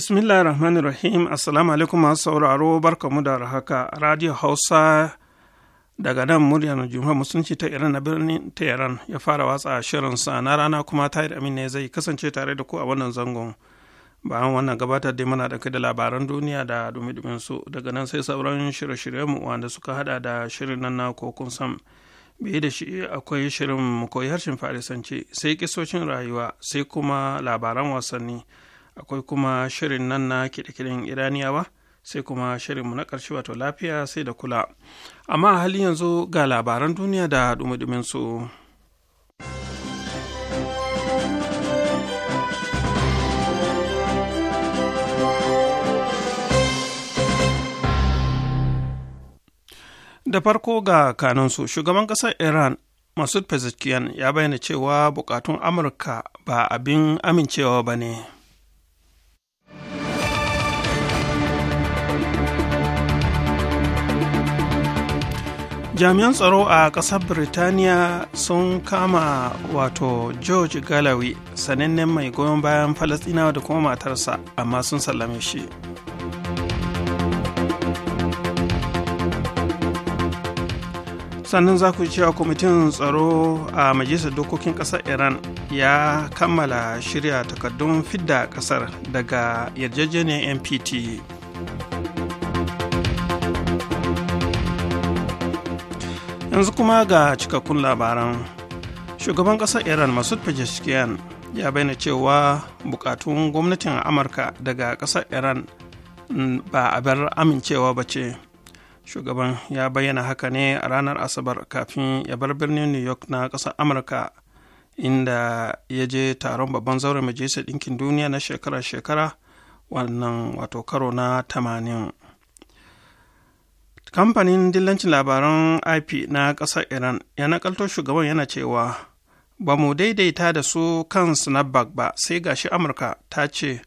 bismillahir rahmanir rahim assalamu alaikum masu sauraro barkamu da haka radio hausa daga nan murya na juma'a musulunci ta iran na birnin tehran ya fara watsa sa na rana kuma ta amin ne zai kasance tare da ku a wannan zangon bayan wannan gabatar da mana ɗauke da labaran duniya da dumi su daga nan sai sauran shirye-shiryenmu wanda suka hada da shirin nan na kokun sam bai da shi akwai shirin mu koyi harshen farisanci sai kisocin rayuwa sai kuma labaran wasanni akwai kuma shirin nan na kiɗe-kiɗen iraniyawa sai kuma shirinmu na ƙarshe wato lafiya sai da kula amma a halin yanzu ga labaran duniya da dumudumin su da farko ga su shugaban ƙasar iran masud pezeshkian ya bayyana cewa bukatun amurka ba abin amincewa ba ne jami'an tsaro a ƙasar birtaniya sun kama wato george galawi sanannen mai goyon bayan falastinawa da kuma matarsa amma sun sallame shi sannan za ku cewa kwamitin tsaro a majalisar dokokin ƙasar iran ya kammala shirya takardun fidda ƙasar daga yarjejeniyar npt yanzu kuma ga cikakkun labaran shugaban ƙasar iran masud pezeshkian ya bayyana cewa bukatun gwamnatin amurka daga ƙasar iran ba a bar amincewa ba ce shugaban ya bayyana haka ne a ranar asabar kafin ya bar birnin new york na ƙasar amurka inda ya je taron babban zauren majalisar ɗinkin duniya na shekara-shekara wannan wato karo na tamanin kamfanin dillancin labaran ip na ƙasar iran ya nakalto shugaban yana cewa ba mu daidaita da su kan snapback ba sai gashi amurka ta ce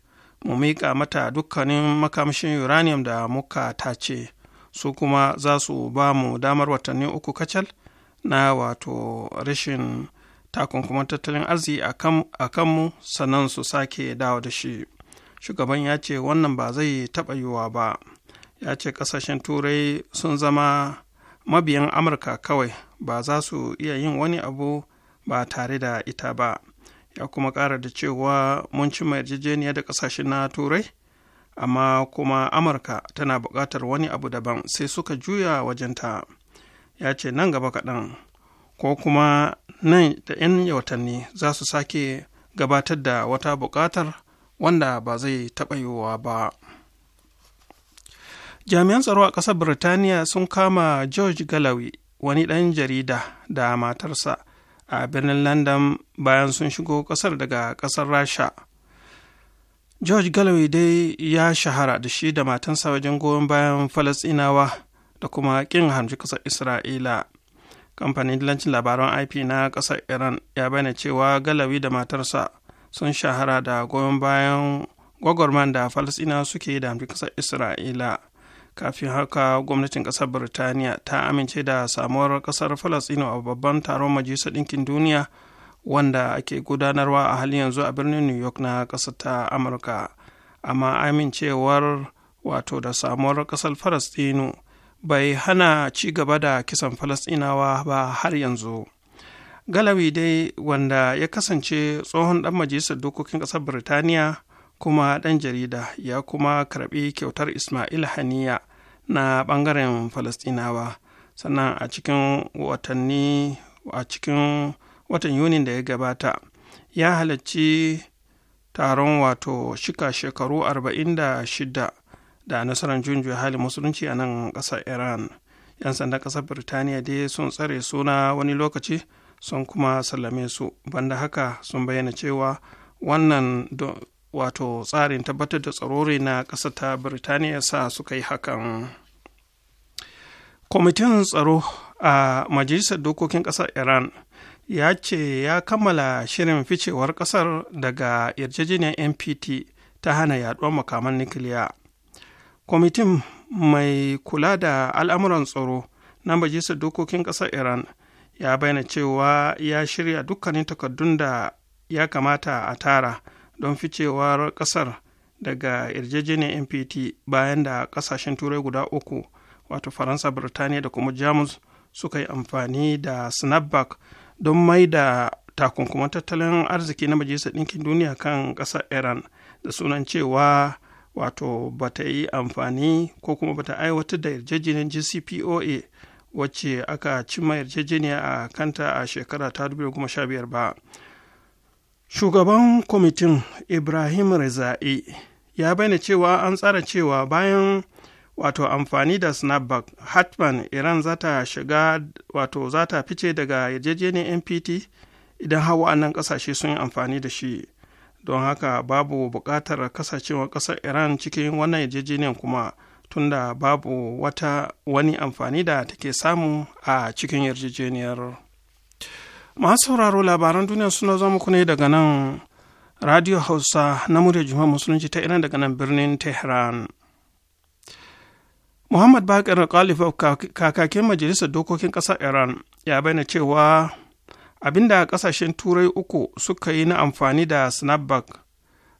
mu miƙa mata dukkanin makamashin uranium da muka ta ce su kuma za su ba mu damar watanni uku kacal na wato rashin takunkuman tattalin arziki a kanmu sannan su sake dawo da shi shugaban ya ce wannan ba zai taɓa yiwuwa ba ya ce kasashen turai sun zama mabiyan amurka kawai ba za su iya yin wani abu ba tare da ita ba ya kuma ƙara da cewa mun ci yarjejeniya da kasashen na turai amma kuma amurka tana buƙatar wani abu daban sai suka juya wajenta ya ce nan gaba kaɗan ko kuma nan da 'yan watanni za su sake gabatar da wata buƙatar wanda ba zai taɓa yiwuwa ba jami'an tsaro a ƙasar birtaniya sun kama george galawi wani ɗan jarida da matarsa a birnin london bayan sun shigo ƙasar daga ƙasar rasha george galawi dai ya shahara da shi da matansa wajen goyon bayan falasinawa da kuma ƙin harmci ƙasar isra'ila kamfanin dillancin labaran ip na ƙasar iran ya bayyana cewa galawi da matarsa sun shahara da goyon bayan gwagwarman da falasina suke da harmci ƙasar isra'ila kafin haka gwamnatin kasar birtaniya ta amince da samuwar kasar falasino a babban taron majalisar ɗinkin duniya wanda ake gudanarwa a halin yanzu a birnin new york na ƙasar ta amurka amma amincewar wato da samuwar ƙasar falasino bai hana ci gaba da kisan falasinawa ba har yanzu galawi dai wanda ya kasance tsohon ɗan majalisar dokokin ƙasar birtaniya kuma ɗan jarida ya kuma karɓi kyautar ismail haniya na ɓangaren falastinawa sannan a cikin watanni a cikin watan yunin da ya gabata ya halarci taron wato shika shekaru 46 da nasarar junjuya hali musulunci a nan ƙasar iran yan sandan ƙasar birtaniya dai sun tsare suna wani lokaci sun kuma sallame su banda haka sun bayyana cewa wannan wato tsarin tabbatar da tsarori na ƙasa ta birtaniya sa suka yi hakan kwamitin tsaro a majalisar dokokin ƙasar iran ya ce ya kammala shirin ficewar ƙasar daga yarjejeniyar npt ta hana yaduwar makaman nukiliya kwamitin mai kula da al'amuran tsaro na majalisar dokokin ƙasar iran ya bayyana cewa ya shirya dukkanin takardun da ya kamata a tara don ficewar ƙasar daga yarjejeniyar npt bayan da kasashen turai guda uku wato faransa birtaniya da kuma jamus suka yi amfani da snapback don mai da takunkuman tattalin arziki na majalisar ɗinkin duniya kan ƙasar iran da sunan cewa wato bata yi amfani ko kuma bata aiwatar da yarjejeniyar gcpoa wacce aka cimma yarjejeniya a kanta a shekara ta 2015 ba shugaban kwamitin ibrahim reza'i ya bayyana cewa an tsara cewa bayan wato amfani da snapback hatman iran za ta shiga wato za fice daga yarjejeniyar npt idan hawa nan kasashe sun yi amfani da shi don haka babu buƙatar kasashewar ƙasar iran cikin wannan yarjejeniyar kuma tunda babu wata wani amfani da take samu a cikin yarjejeniyar masu sauraro labaran duniya suna zama ku daga nan radio hausa na murya juma'a musulunci ta iran daga nan birnin tehran muhammad bakar kalifa kakakin majalisar dokokin ƙasar iran ya bayyana cewa abinda ƙasashen turai uku suka yi na amfani da snapback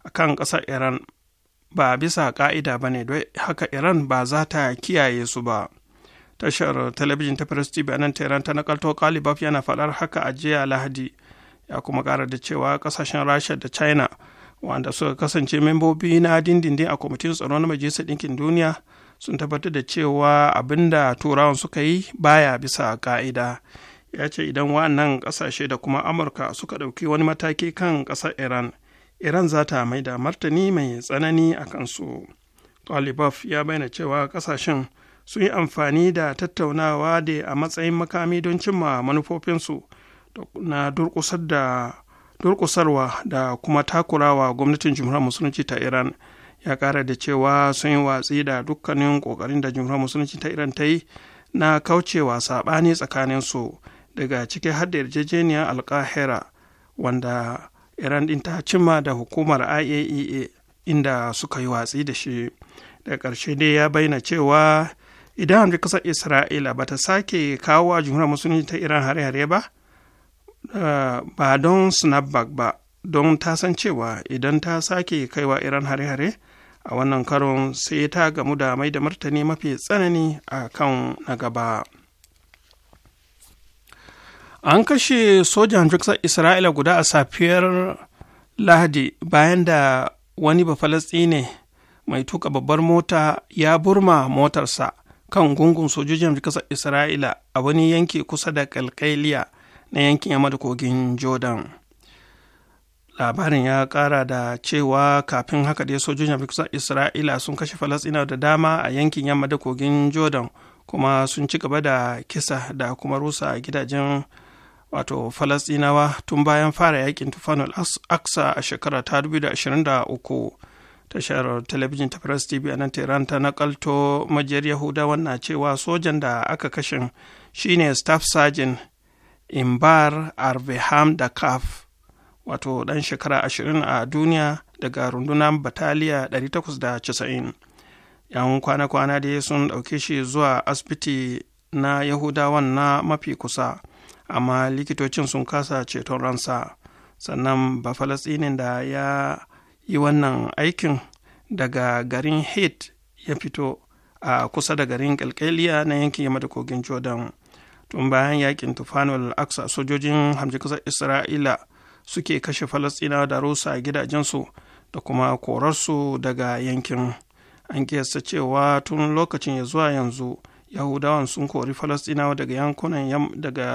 a kan ƙasar iran ba bisa ƙa'ida ba ne don haka iran ba za ta kiyaye su ba tashar talabijin ta Press TV a nan Tehran ta nakalto Kalibaf yana faɗar haka a jiya Lahadi ya kuma ƙara da cewa ƙasashen Rasha da China wanda suka kasance membobi na dindindin a kwamitin tsaro na majalisar ɗinkin duniya sun tabbatar da cewa abin da turawan suka yi baya bisa ka'ida ya ce idan wannan ƙasashe da kuma amurka suka ɗauki wani mataki kan ƙasar iran iran za ta mai da martani mai tsanani a kansu kalibaf ya bayyana cewa ƙasashen sun yi amfani da tattaunawa da a matsayin makami don cimma manufofinsu na durkusarwa da kuma takurawa gwamnatin jimhuriyar musulunci ta iran ya ƙara da cewa sun yi watsi da dukkanin ƙoƙarin da jimhuriyar musulunci ta iran ta yi na kaucewa saɓani tsakaninsu daga ciki har da yarjejeniyar alkahira wanda iran din ta cimma da hukumar iaea e inda suka yi watsi da shi da ƙarshe dai ya bayyana cewa idan hanzu kasar isra'ila ba ta sake kawo a jihunar musulunci ta iran hare-hare ba eh, ba don snapback ba don ta san cewa idan ta sake kaiwa iran hare-hare a wannan karon sai ta gamu da mai da martani mafi tsanani a kan na gaba an kashe soja sojan kasar isra'ila guda a safiyar lahadi bayan da wani bafalasti ne mai tuka babbar mota ya burma motarsa kan gungun sojojin amurka ƙasar isra'ila a wani yanki kusa da kalkaliya na yankin yamma da kogin jordan labarin ya kara da cewa kafin haka dai sojojin amurka isra'ila sun kashe falasina da dama a yankin yamma da kogin jordan kuma sun ci gaba da kisa da kuma rusa gidajen wato falasinawa tun bayan fara yakin tufanul aksa a shekara ta 2023 tashar talabijin ta press tv a nan tehran ta nakalto majiyar yahudawan na cewa sojan da aka kashin shine staff sergeant imbar arveham da kaf wato dan shekara 20 a duniya daga rundunar bataliya 890 yan kwana-kwana da sun ɗauke shi zuwa asibiti na yahudawan na mafi kusa amma likitocin sun kasa ceton ransa sannan ba da ya yi wannan aikin daga garin Hed ya fito a kusa da garin kalkaliya na yankin yamma da kogin jordan tun bayan yakin tufanul aksa sojojin hamji kasar isra'ila suke kashe falastinawa da rusa a gidajensu da kuma korarsu daga yankin an kiyasta cewa tun lokacin ya zuwa yanzu yahudawan sun kori falastinawa daga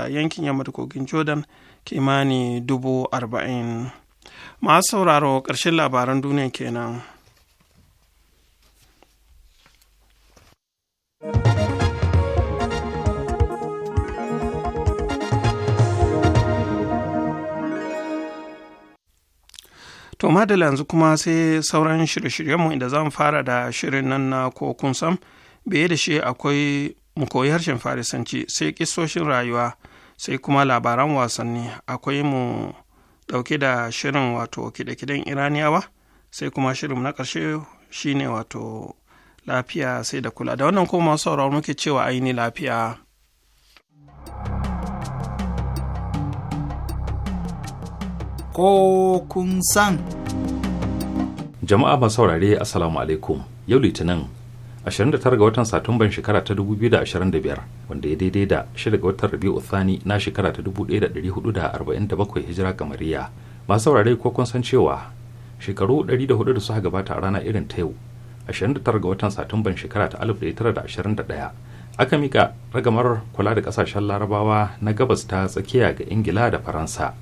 yankin yamma da kogin jordan kimani dubu arba'in masu sauraro ƙarshen labaran duniya kenan. To da yanzu kuma sai sauran shirye-shiryenmu inda zan fara da shirin nan na kokun sam biye da shi akwai mu koyi harshen farisanci sai kisoshin rayuwa sai kuma labaran wasanni akwai mu ɗauke da shirin wato kiɗe-kiɗen iraniyawa sai kuma shirin na ƙarshe shine wato lafiya sai da kula da wannan kuma masu sauraro muke cewa aini lafiya ko kun san jama'a ba saurare assalamu alaikum yau litinin 29 ga watan satumban shekara ta 2025 wanda ya daidai da 6 ga watan rabi'u thani na shekara ta 1447 hijira kamariya masu saurare ko kun san cewa shekaru 104 da suka gabata a rana irin ta yau 29 ga watan satumban shekara ta 1921 aka mika ragamar kula da kasashen larabawa na gabas ta tsakiya ga ingila da faransa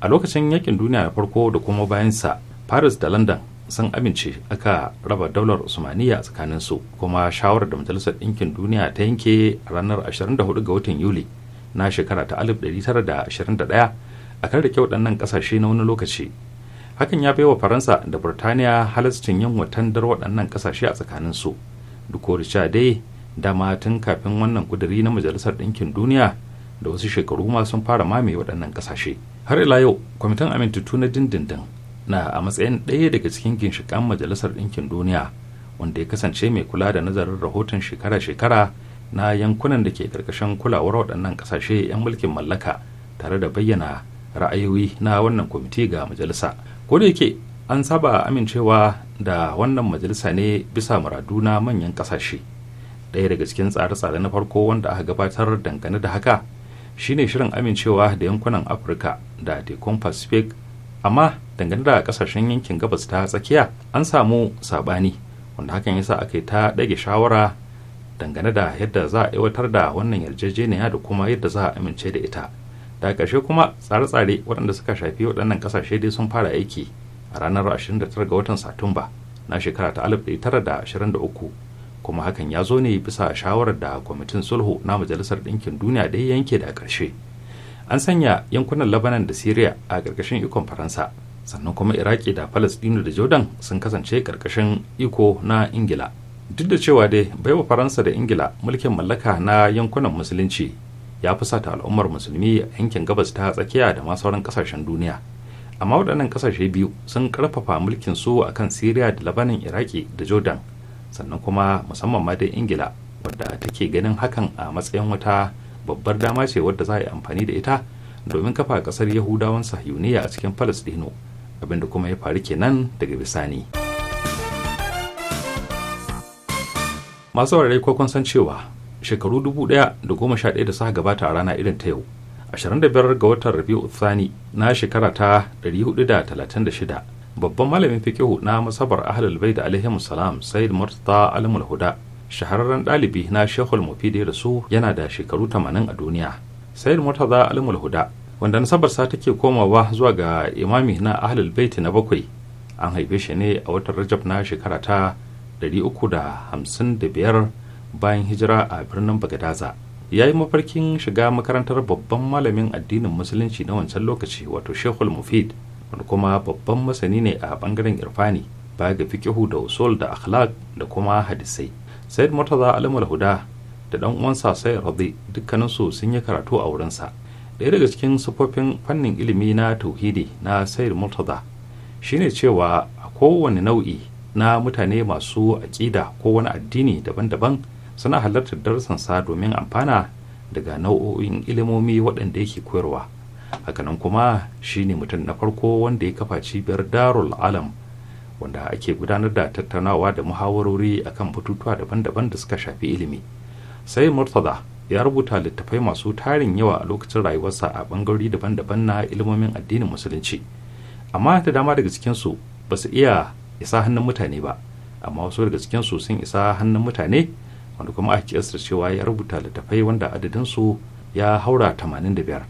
a lokacin yakin duniya na farko da kuma bayansa paris da london sun amince aka raba daular usmaniya tsakanin su kuma shawarar da majalisar ɗinkin duniya ta yanke a ranar 24 ga watan yuli na shekara ta 1921 a kan rike waɗannan ƙasashe na wani lokaci hakan ya baiwa faransa da burtaniya halascin yin watandar waɗannan ƙasashe a tsakanin su duk dai dama tun kafin wannan kuduri na majalisar ɗinkin duniya da wasu shekaru ma sun fara mamaye waɗannan ƙasashe har ila yau kwamitin amintattu na dindindin na a matsayin ɗaya daga cikin ginshiƙan majalisar ɗinkin duniya wanda ya kasance mai kula da nazarin rahoton shekara-shekara na yankunan da ke ƙarƙashin kulawar waɗannan ƙasashe 'yan mulkin mallaka tare da bayyana ra'ayoyi na wannan kwamiti ga majalisa ko da yake an saba amincewa da wannan majalisa ne bisa muradu na manyan ƙasashe ɗaya daga cikin tsare-tsare na farko wanda aka gabatar dangane da haka shine shirin amincewa da yankunan afirka da tekun pacific amma dangane da kasashen yankin gabas ta tsakiya an samu sabani wanda hakan yasa aka yi ta ɗage shawara dangane da yadda za a aiwatar da wannan yarjejeniya da kuma yadda za a amince da ita da ƙarshe kuma tsare-tsare waɗanda suka shafi waɗannan ƙasashe dai sun fara aiki a ranar 29 ga watan satumba na shekara ta 1923 kuma hakan ya zo ne bisa shawarar da kwamitin sulhu na majalisar ɗinkin duniya da yanke da ƙarshe. an sanya yankunan labanan da syria a ƙarƙashin ikon faransa sannan kuma iraki da palestino da jordan sun kasance ƙarƙashin iko na ingila duk da cewa dai baiwa faransa da ingila mulkin mallaka na yankunan musulunci ya fi sata al'ummar musulmi a yankin gabas ta tsakiya da ma sauran kasashen duniya amma waɗannan kasashe biyu sun ƙarfafa mulkin su akan syria da labanin iraki da jordan sannan kuma musamman ma dai ingila wadda take ganin hakan a matsayin wata babbar dama ce wadda za a yi amfani da ita domin kafa kasar yahudawan sahiyuniya a cikin palestino abinda kuma ya faru kenan daga bisani masu warare ko kun san cewa shekaru dubu 1011 da suka gabata a rana irin ta yau 25 ga watan rabiu thani na shekara ta 436 babban malamin fikihu na masabar ahlul bai da alaihimu salam sayyid murtada alamul huda shahararren ɗalibi na shehul mufidi da su yana da shekaru 80 a duniya sayyid murtaza alimul huda wanda nasabarsa take komawa zuwa ga imami na ahlul baiti na bakwai an haife shi ne a watan rajab na shekara ta 355 bayan hijira a birnin bagadaza ya yi mafarkin shiga makarantar babban malamin addinin musulunci na wancan lokaci wato shehul mufid wanda kuma babban masani ne a bangaren irfani baya ga fikihu da usul da akhlaq da kuma hadisai sayyid murtaza alamul huda da dan uwansa sai radi dukkaninsu sun yi karatu a wurinsa ɗaya daga cikin sufofin fannin ilimi na tauhidi na sayid murtaza shine cewa a kowane nau'i na mutane masu aƙida ko wani addini daban-daban suna halartar sa domin amfana daga nau'o'in ilimomi waɗanda yake koyarwa hakanan kuma shine mutum na farko wanda ya kafa cibiyar darul alam wanda ake gudanar da tattaunawa da muhawarori akan batutuwa daban-daban da suka shafi ilimi sai murtaza ya rubuta littattafai masu tarin yawa a lokacin rayuwarsa a bangarori daban-daban na ilimomin addinin musulunci amma ta dama daga cikinsu ba su iya isa hannun mutane ba amma wasu daga cikinsu sun isa hannun mutane wanda kuma ake kiyasta cewa ya rubuta littattafai wanda adadinsu ya haura tamanin da biyar?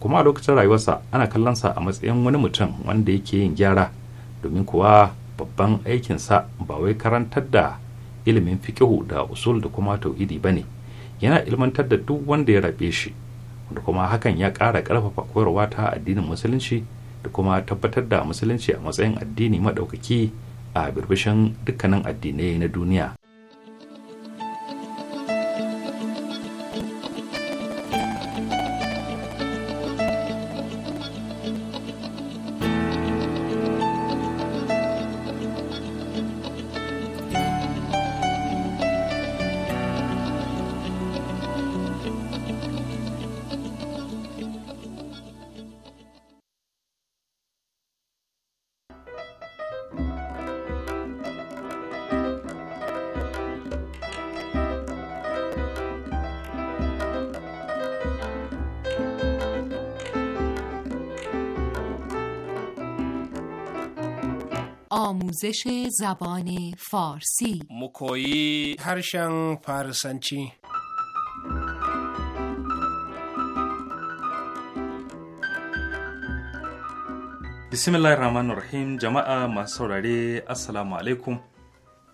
kuma a lokacin rayuwarsa ana kallonsa a matsayin wani mutum wanda yake yin gyara domin kuwa babban aikin sa ba wai karantar da ilimin fikihu da usul da kuma tauhidi ba ne yana ilmantar da duk wanda ya rabe shi da kuma hakan ya ƙara ƙarfafa koyarwa ta addinin musulunci da kuma tabbatar da musulunci a matsayin addini maɗaukaki a birbishin dukkanin addinai na duniya آموزش زبان فارسی مکویی harshen فارسنچی bismillahir rahmanir rahim jama'a masu saurare assalamu alaikum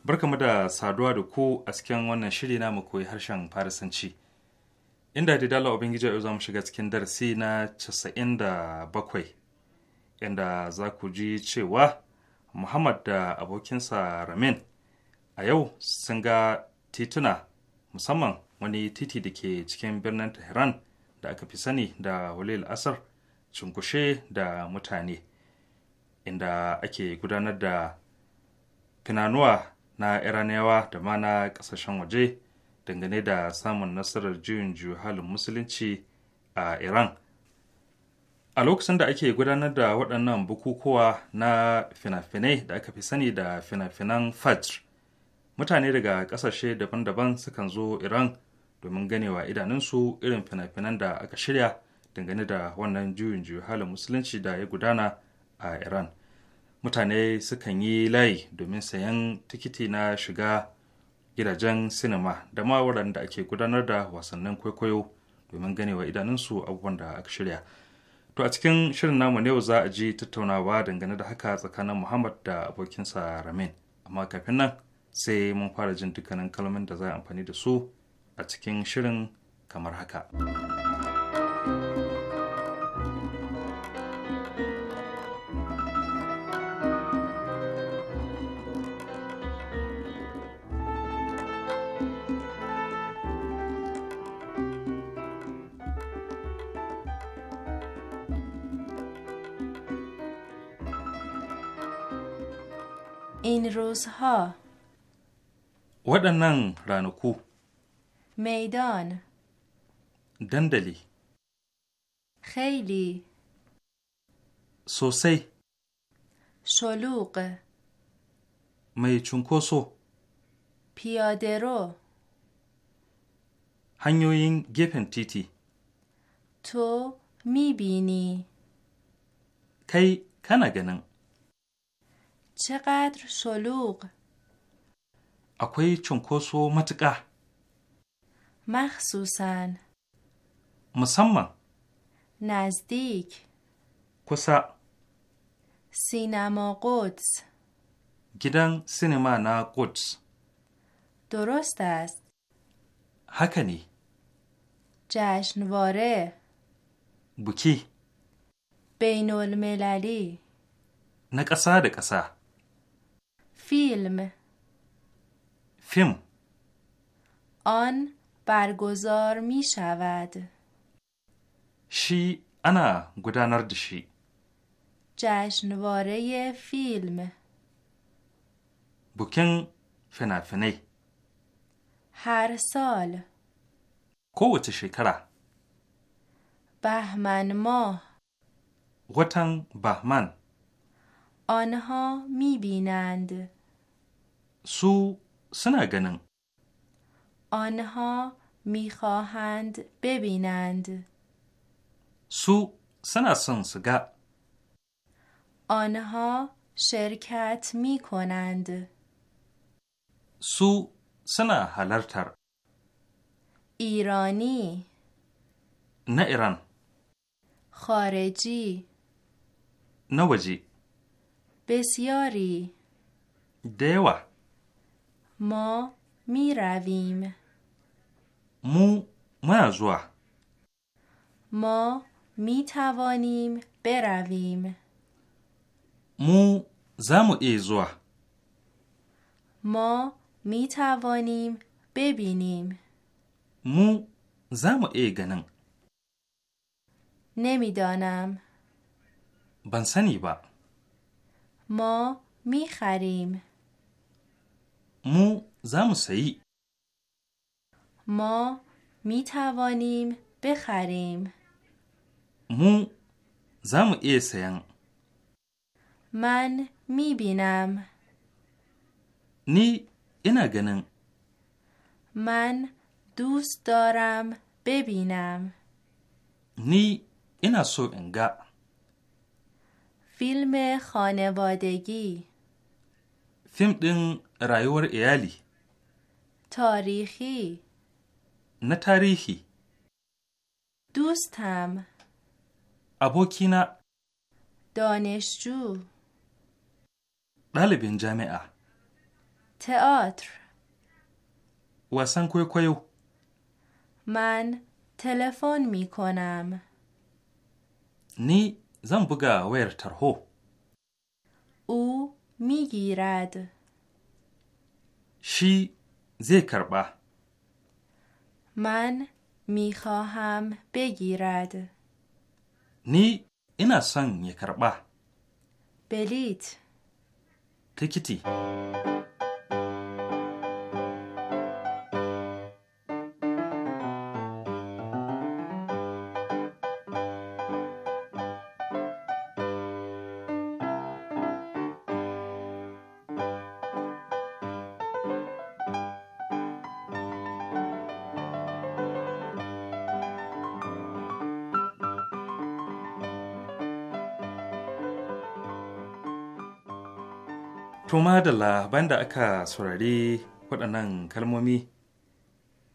barkamu da saduwa da ku a cikin wannan shiri na mu koyi harshen farisanci inda da dala ubangiji yau za mu shiga cikin darasi na 97 inda za ku ji cewa muhammad da abokinsa ramin a yau sun ga tituna musamman wani titi da ke cikin birnin tehran da aka fi sani da walil asar cunkushe da mutane inda ake gudanar da finanuwa na iraniyawa da ma na kasashen waje dangane da samun nasarar juyin juhalin musulunci a iran a lokacin da ake gudanar da waɗannan bukukuwa na fina-finai da aka fi sani da fina-finan fajr mutane daga ƙasashe daban-daban sukan zo iran domin ganewa idanunsu irin fina-finan da aka shirya dangane da wannan juyin juyi halin musulunci da ya gudana a iran mutane sukan yi layi domin sayan tikiti na shiga gidajen sinima da ma waɗanda ake gudanar da wasannin kwaikwayo domin ganewa idanunsu abubuwan da aka shirya To a cikin shirin namu yau za a ji tattaunawa dangane da haka tsakanin Muhammad da abokinsa Ramin. Amma kafin nan sai mun fara jin dukkanin kalmomin da za a amfani da su a cikin shirin kamar haka. این روزها waɗannan ranaku maidan Dandali. خیلی Sosai. شلوغ mai cunkoso Piyadero. hanyoyin gefen titi to mibini kai kana ganin چقدر شلوغ akwai cunkoso matuƙa. مخصوصاً musamman نزدیک kusa سینما قدس gidan sinima na قدس درست است haka ne جشنواره buki بین المللی na ƙasa da ƙasa فیلم فیلم آن برگزار می شود شی انا گدانر دشی جشنواره فیلم بوکن فنافنی هر سال کوت شکرا بهمن ماه وطن بهمن آنها می بینند سو سنا گنن آنها میخواهند ببینند سو سنا آنها شرکت می کنند سو سنا هلرتر ایرانی نه ایران خارجی نوجی بسیاری دیوه ما می رویم مو منازوا ما می توانیم برویم مو زمو ایزوا ما می توانیم ببینیم مو زمو ایگنن نمیدانم بنسنی با ما می خریم مو زم سی ما می توانیم بخریم مو زم ای سیان من می بینم نی اینا گنن من دوست دارم ببینم نی اینا سو انگا فیلم خانوادگی فیلم دن رایور ایالی تاریخی نه تاریخی دوستم ابوکینا دانشجو ɗalibin جامعه تئاتر wasan kwaikwayo من تلفن می کنم نی زن بگا ویر ترهو او میگیرد شی زی با. من میخواهم بگیرد نی اینا سن یکربه بلیت تکیتی To da bayan da aka saurari waɗannan kalmomi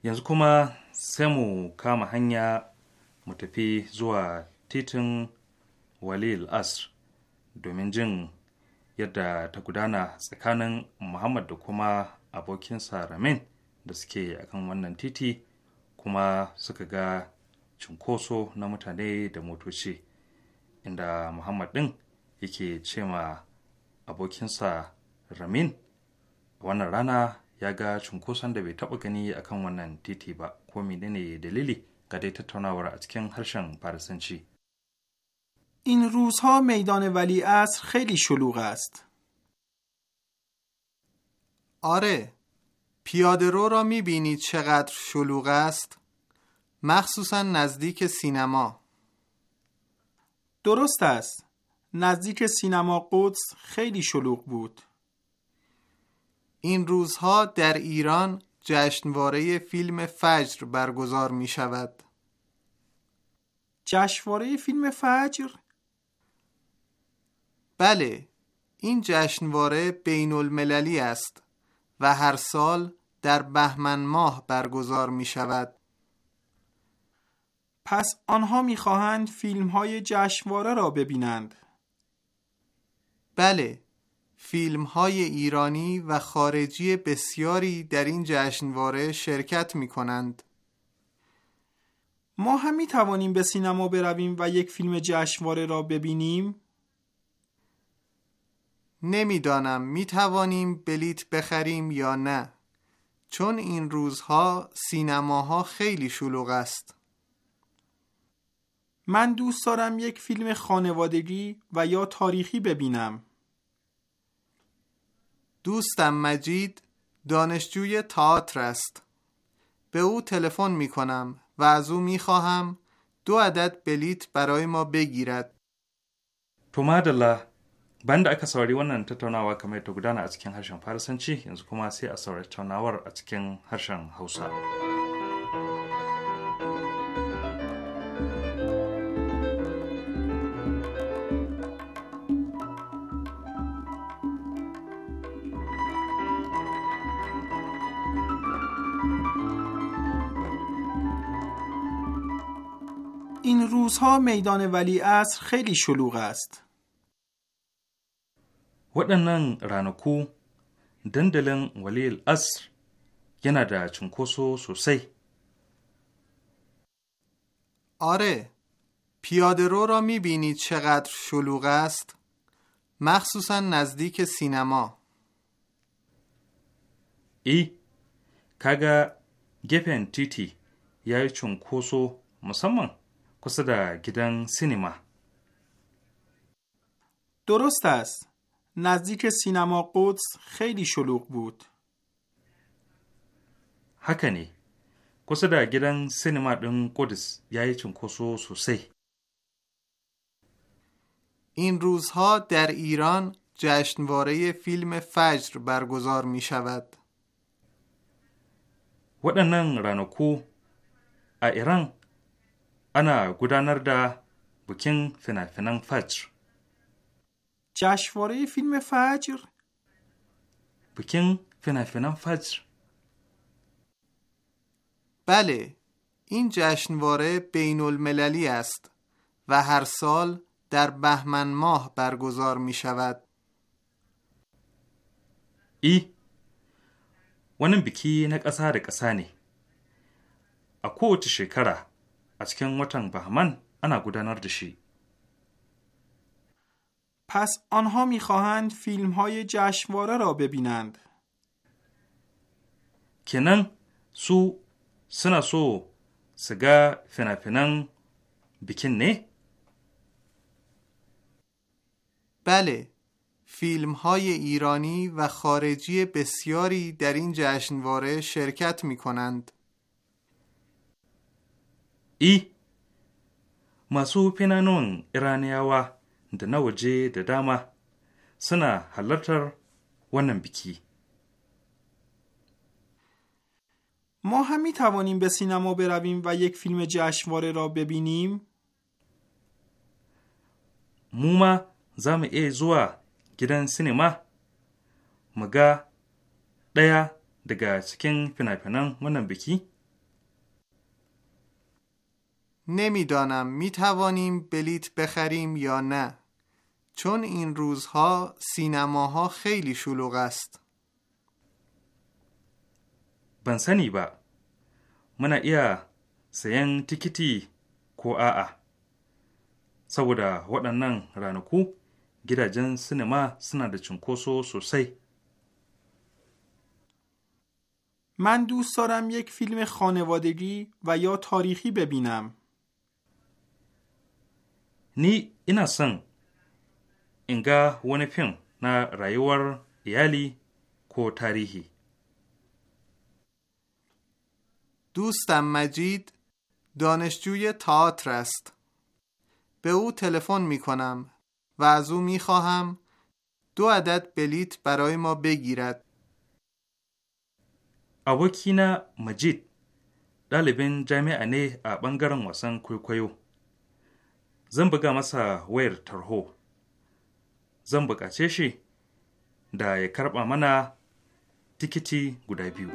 yanzu kuma sai mu kama hanya mu tafi zuwa titin Walil Asr domin jin yadda ta gudana tsakanin Muhammad da kuma abokinsa Ramin da suke akan wannan titi kuma suka ga cunkoso na mutane da motoci inda Muhammad ɗin yake cema ma abokinsa ramin wannan rana ya ga cunkoson da bai taba gani a kan wannan titi ba ko menene dalili ga dai tattaunawar a cikin harshen farisanci این روزها میدان ولی اصر خیلی شلوغ است. آره پیاده رو را میبینید چقدر شلوغ است؟ مخصوصا نزدیک سینما درست است نزدیک سینما قدس خیلی شلوغ بود این روزها در ایران جشنواره فیلم فجر برگزار می شود جشنواره فیلم فجر؟ بله این جشنواره بین المللی است و هر سال در بهمن ماه برگزار می شود پس آنها می خواهند فیلم های جشنواره را ببینند بله فیلم های ایرانی و خارجی بسیاری در این جشنواره شرکت می کنند. ما هم می توانیم به سینما برویم و یک فیلم جشنواره را ببینیم؟ نمیدانم می توانیم بلیت بخریم یا نه چون این روزها سینماها خیلی شلوغ است. من دوست دارم یک فیلم خانوادگی و یا تاریخی ببینم. دوستم مجید دانشجوی تئاتر است. به او تلفن می کنم و از او می خواهم دو عدد بلیت برای ما بگیرد. تو مادله بند اکساری ون انت تو نوا کمی تو گدان از کن هرشن پارسنچی انزو یعنی کماسی اصاری تو نوار از کن هرشن حوصا. موسیقی روزها میدان ولی اصر خیلی شلوغ است. waɗannan ranaku دندلن waliyul asr yana da چونکوسو سوسی. آره پیاده رو را میبینید چقدر شلوغ است مخصوصا نزدیک سینما ای کگا گپن تیتی یا چونکوسو مسمن kusa da gidan درست است. نزدیک سینما قدس خیلی شلوغ بود. هکنی. کسی در گیدن سینما دن قدس یایی چون کوسو سوسی. این روزها در ایران جشنواره فیلم فجر برگزار می شود. ودنن رانو کو ایران انا گدا نرده بکنگ فنه فنه فجر جشنواره فیلم فجر؟ بکن فنه فجر بله، این جشنواره بین المللی است و هر سال در بهمن ماه برگزار می شود ای، ونم بکنگ از هر کسانی اکو اوتشه a cikin watan Bahman ana gudanar پس آنها میخواهند فیلم های جشنواره را ببینند. کنن سو سنا سو سگا فنافنن بیکن نه؟ بله، فیلم های ایرانی و خارجی بسیاری در این جشنواره شرکت می کنند. I masu finanon iraniyawa da na waje da dama suna halartar wannan biki ما هم می توانیم به سینما برویم و یک فیلم جشنواره را ببینیم؟ موما زم ای زوا گیدن سینما مگا دیا دگا چکن فنای ونن بکی؟ نمیدانم می توانیم بلیت بخریم یا نه چون این روزها سینماها خیلی شلوغ است. بنسنی sani ba, ایا iya sayan کو ko a'a, saboda رانکو ranaku سینما sinima suna da من دوست دارم یک فیلم خانوادگی و یا تاریخی ببینم. نی اینا سن ga wani fim نا رایوار iyali کو تاریحی. دوستم مجید دانشجوی تئاتر است به او تلفن می کنم و از او می خواهم دو عدد بلیت برای ما بگیرد abokina مجید ɗalibin جامعه نه a واسن کوی کویکویو zan buga masa wayar tarho zan buƙace shi da ya karɓa mana tikiti guda biyu.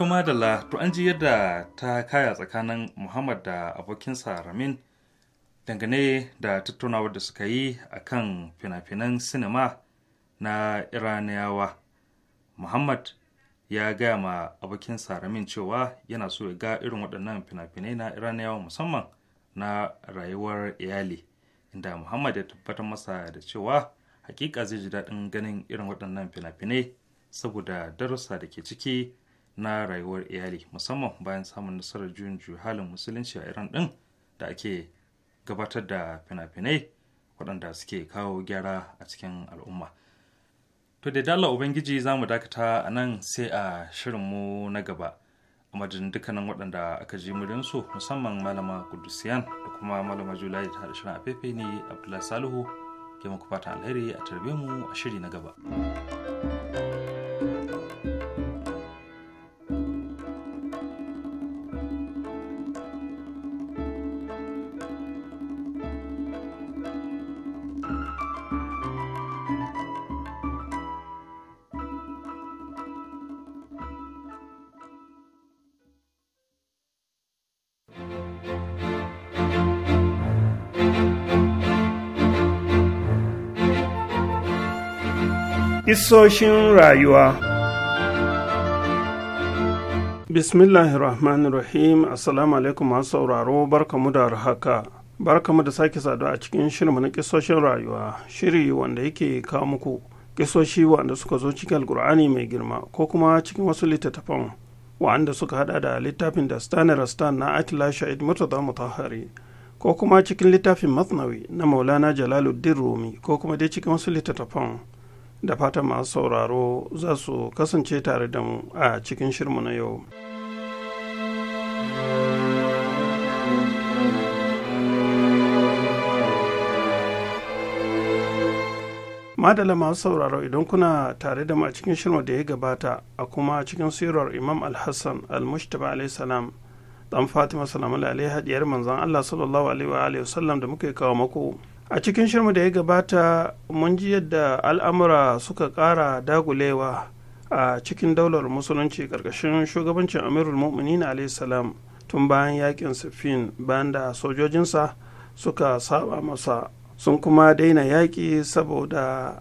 To madalla to an ji yadda ta kaya tsakanin Muhammad da abokinsa Ramin dangane da tattaunawar da suka yi a kan fina-finan sinima na Iraniyawa. Muhammad ya gaya ma abokinsa Ramin cewa yana so ya ga irin waɗannan fina-finai na Iraniyawa musamman na rayuwar iyali, inda Muhammad ya tabbatar masa da cewa hakika zai ji daɗin ganin irin waɗannan fina-finai saboda darussa da ke ciki. na rayuwar iyali musamman bayan samun nasarar juyin halin musulunci a iran din da ake gabatar da fina-finai waɗanda suke kawo gyara a cikin al'umma to da dala ubangiji za mu dakata a nan sai a shirin mu na gaba a madadin dukkanin waɗanda aka ji su musamman malama kudusiyan da kuma malama julai ta da shirin afefe ne abdullahi salihu ke muku fatan alheri a tarbe mu a shiri na gaba. Isoshin rayuwa Bismillahirrahmanirrahim Assalamu alaikum masu sauraro barkamu da haka. Barkamu da sake sadu a cikin shirinmu na kisoshin rayuwa, shiri wanda yake kawo muku kisoshi wanda suka zo cikin alkur'ani mai girma ko kuma cikin wasu littattafan wanda suka hada da littafin da stanar stan na atila sha'id murtaza mutahari ko kuma cikin littafin masnawi na maulana jalaluddin rumi ko kuma dai cikin wasu littattafan da fatan masu sauraro za su kasance tare da mu a cikin shirmu na yau. madala masu sauraro idan kuna tare da mu a cikin shirma da ya gabata a kuma cikin sirar imam al-hassan al-mushtaba alaihi salam dan fatima salamu alaihi hadiyar manzon allah sallallahu alaihi wa alihi wasallam da muke kawo mako a cikin shirmu da ya gabata mun ji yadda al'amura suka ƙara dagulewa a cikin daular musulunci ƙarƙashin shugabancin amirul mu'minin salam tun bayan yakin siffin bayan da sojojinsa suka saba masa sun kuma daina yaƙi saboda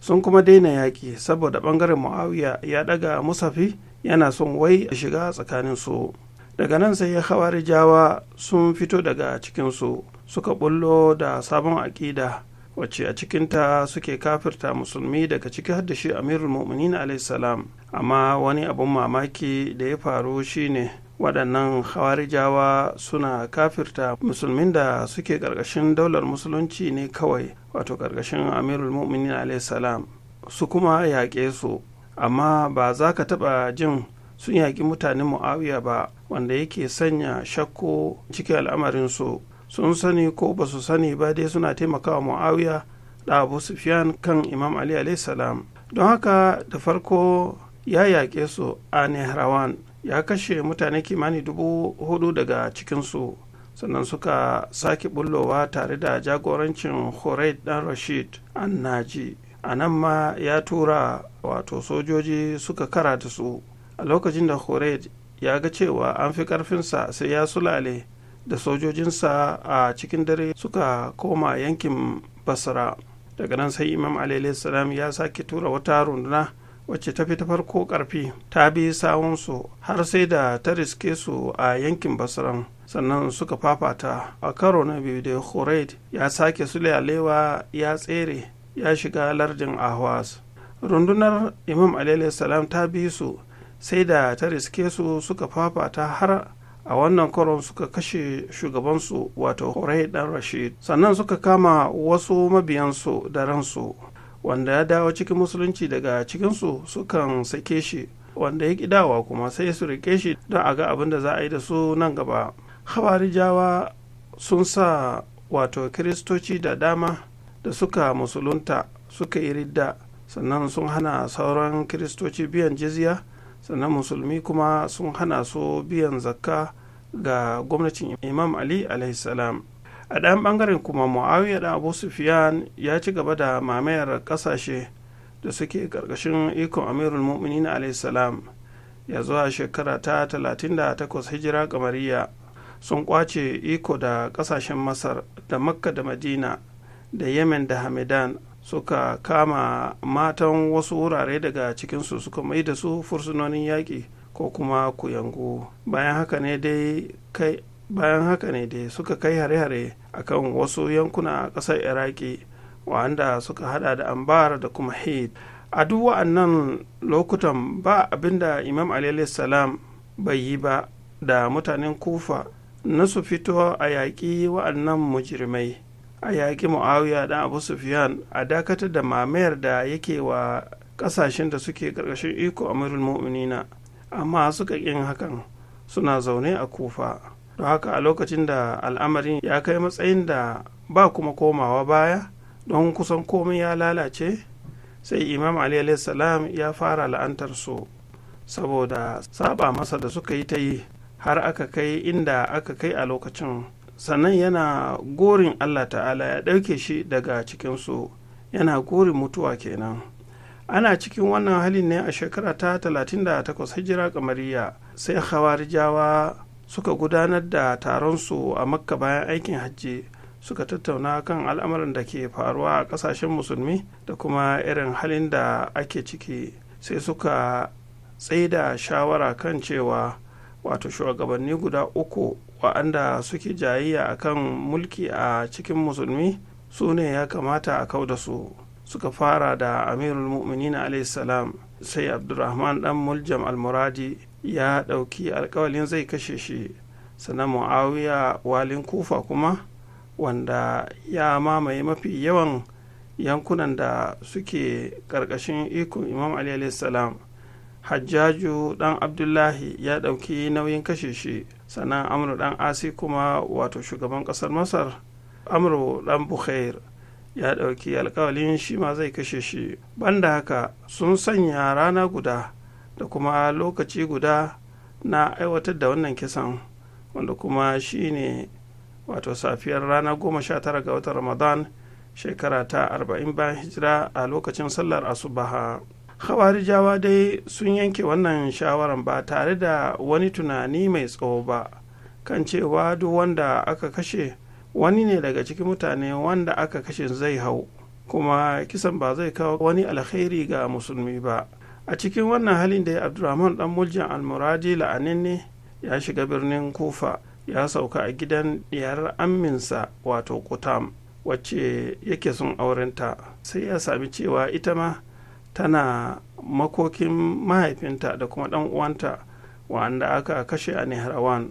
sun kuma daina yaƙi saboda ɓangaren muawiya ya ɗaga musafi yana son wai a shiga tsakanin su daga nan sai ya hawarijawa sun fito daga cikinsu suka bullo da sabon aƙida wacce a cikinta suke kafirta musulmi daga ciki har da shi amirul mu'minin salam amma wani abun mamaki da ya faru shine waɗannan hawarijawa suna kafirta musulmin da suke ƙarƙashin daular musulunci ne kawai wato ƙarƙashin amirul mu'minin salam su kuma yaƙe su amma ba za ka taɓa jin sun yaƙi mutanen mu'awiya ba wanda yake sanya shakku cikin su. sun sani ko ba su sani ba dai suna taimakawa muawiya da abu sufyan kan imam ali salam don haka da farko ya yaƙe su a nehrawan ya kashe mutane kimani dubu hudu daga cikinsu sannan suka sake bullowa tare da jagorancin horaid dan rashid an naji a nan ma ya tura wato sojoji suka kara karata su a lokacin da horaid ya ga cewa an fi karfinsa sai ya sulale da sojojinsa a cikin dare suka koma yankin basra daga nan sai imam salam ya sake tura wata runduna wacce ta fi ta farko karfi ta bi sawunsu har sai da ta riske su a yankin basran sannan suka fafata a karo na biyu da horaid ya sake sule alewa ya tsere ya shiga lardin ahwas rundunar imam salam ta bi su sai da ta riske su suka fafata har a wannan koron suka kashe shugabansu wato horai dan rashid sannan suka kama wasu mabiyansu da ransu wanda ya dawo cikin musulunci daga cikinsu sukan sake shi wanda ya kidawa kuma sai su rike shi don a ga abin da za a yi da su nan gaba jawa sun sa wato kiristoci da dama da suka musulunta suka yi ridda sannan sun hana sauran kiristoci biyan jiziya. sannan musulmi kuma sun hana su biyan zakka ga gwamnatin imam ali salam a ɗayan ɓangaren kuma muawiya da abu sufiyan ya ci gaba da mamayar ƙasashe da suke ƙarƙashin ikon amirul mu'minin salam ya zuwa shekara ta 38 hijira kamariya sun kwace iko da ƙasashen masar da makka da madina da yemen da hamidan suka kama matan wasu wurare daga cikinsu suka mai da su fursunonin yaƙi ko kuma kuyangu bayan haka ne dai bayan haka ne dai suka kai hare-hare a kan wasu yankuna a ƙasar iraki wanda suka hada da ambar da kuma hid a duk wa'annan lokutan ba abinda imam salam bai yi ba da mutanen kufa na su fito a yaƙi wa'annan mujirmai a yaƙi muawiya dan abu sufyan a dakatar da mamayar da yake wa ƙasashen da suke ƙarƙashin iko amirul mu'minina amma suka ƙin hakan suna zaune a kufa don haka a lokacin da al'amarin ya kai matsayin da ba kuma komawa baya don kusan komai ya lalace sai imam ali salam ya fara la'antar su saboda saba masa da suka yi ta yi har aka kai inda aka kai a lokacin sannan yana gorin allah ta'ala ya ɗauke shi daga cikinsu yana gorin mutuwa kenan ana cikin wannan halin ne a shekara ta 38 hijira kamariya sai hawarijawa suka gudanar da taronsu a makka bayan aikin hajji suka tattauna kan al'amarin da ke faruwa a kasashen musulmi da kuma irin halin da ake ciki sai suka tsaida shawara kan cewa wato shugabanni guda uku wa'anda suke jayayya kan mulki a cikin musulmi su ne ya kamata a kau da su suka fara da amirul mu'minin salam sai abdurrahman dan muljam almuradi ya ɗauki alkawalin zai kashe shi sannan mu'awiya walin kufa kuma wanda ya mamaye mafi yawan yankunan da suke ƙarƙashin ikon imam ali salam hajjaju dan abdullahi ya ɗauki nauyin kashe shi sannan amur dan asi kuma wato shugaban kasar masar amur dan bukhair ya ɗauki alkawalin shi ma zai kashe shi banda haka sun sanya rana guda da kuma lokaci guda na aiwatar da wannan kisan wanda kuma shi ne wato safiyar rana goma sha tara ga watan ramadan shekara ta arba'in bayan hijira a lokacin sallar asubaha. hawarijawa dai sun yanke wannan shawaran ba tare da wani tunani mai tsawo ba kan cewa duk wanda aka kashe wani ne daga cikin mutane wanda aka kashe zai hau kuma kisan ba zai kawo wani alkhairi ga musulmi ba a cikin wannan halin da ya abdulrahman dan muljan almuradi la'anin ne ya shiga birnin kufa ya sauka a gidan diyar amminsa wato kutam wacce yake sun aurenta sai ya sami cewa ita ma tana makokin mahaifinta da kuma ɗan uwanta wanda aka kashe a nehrawan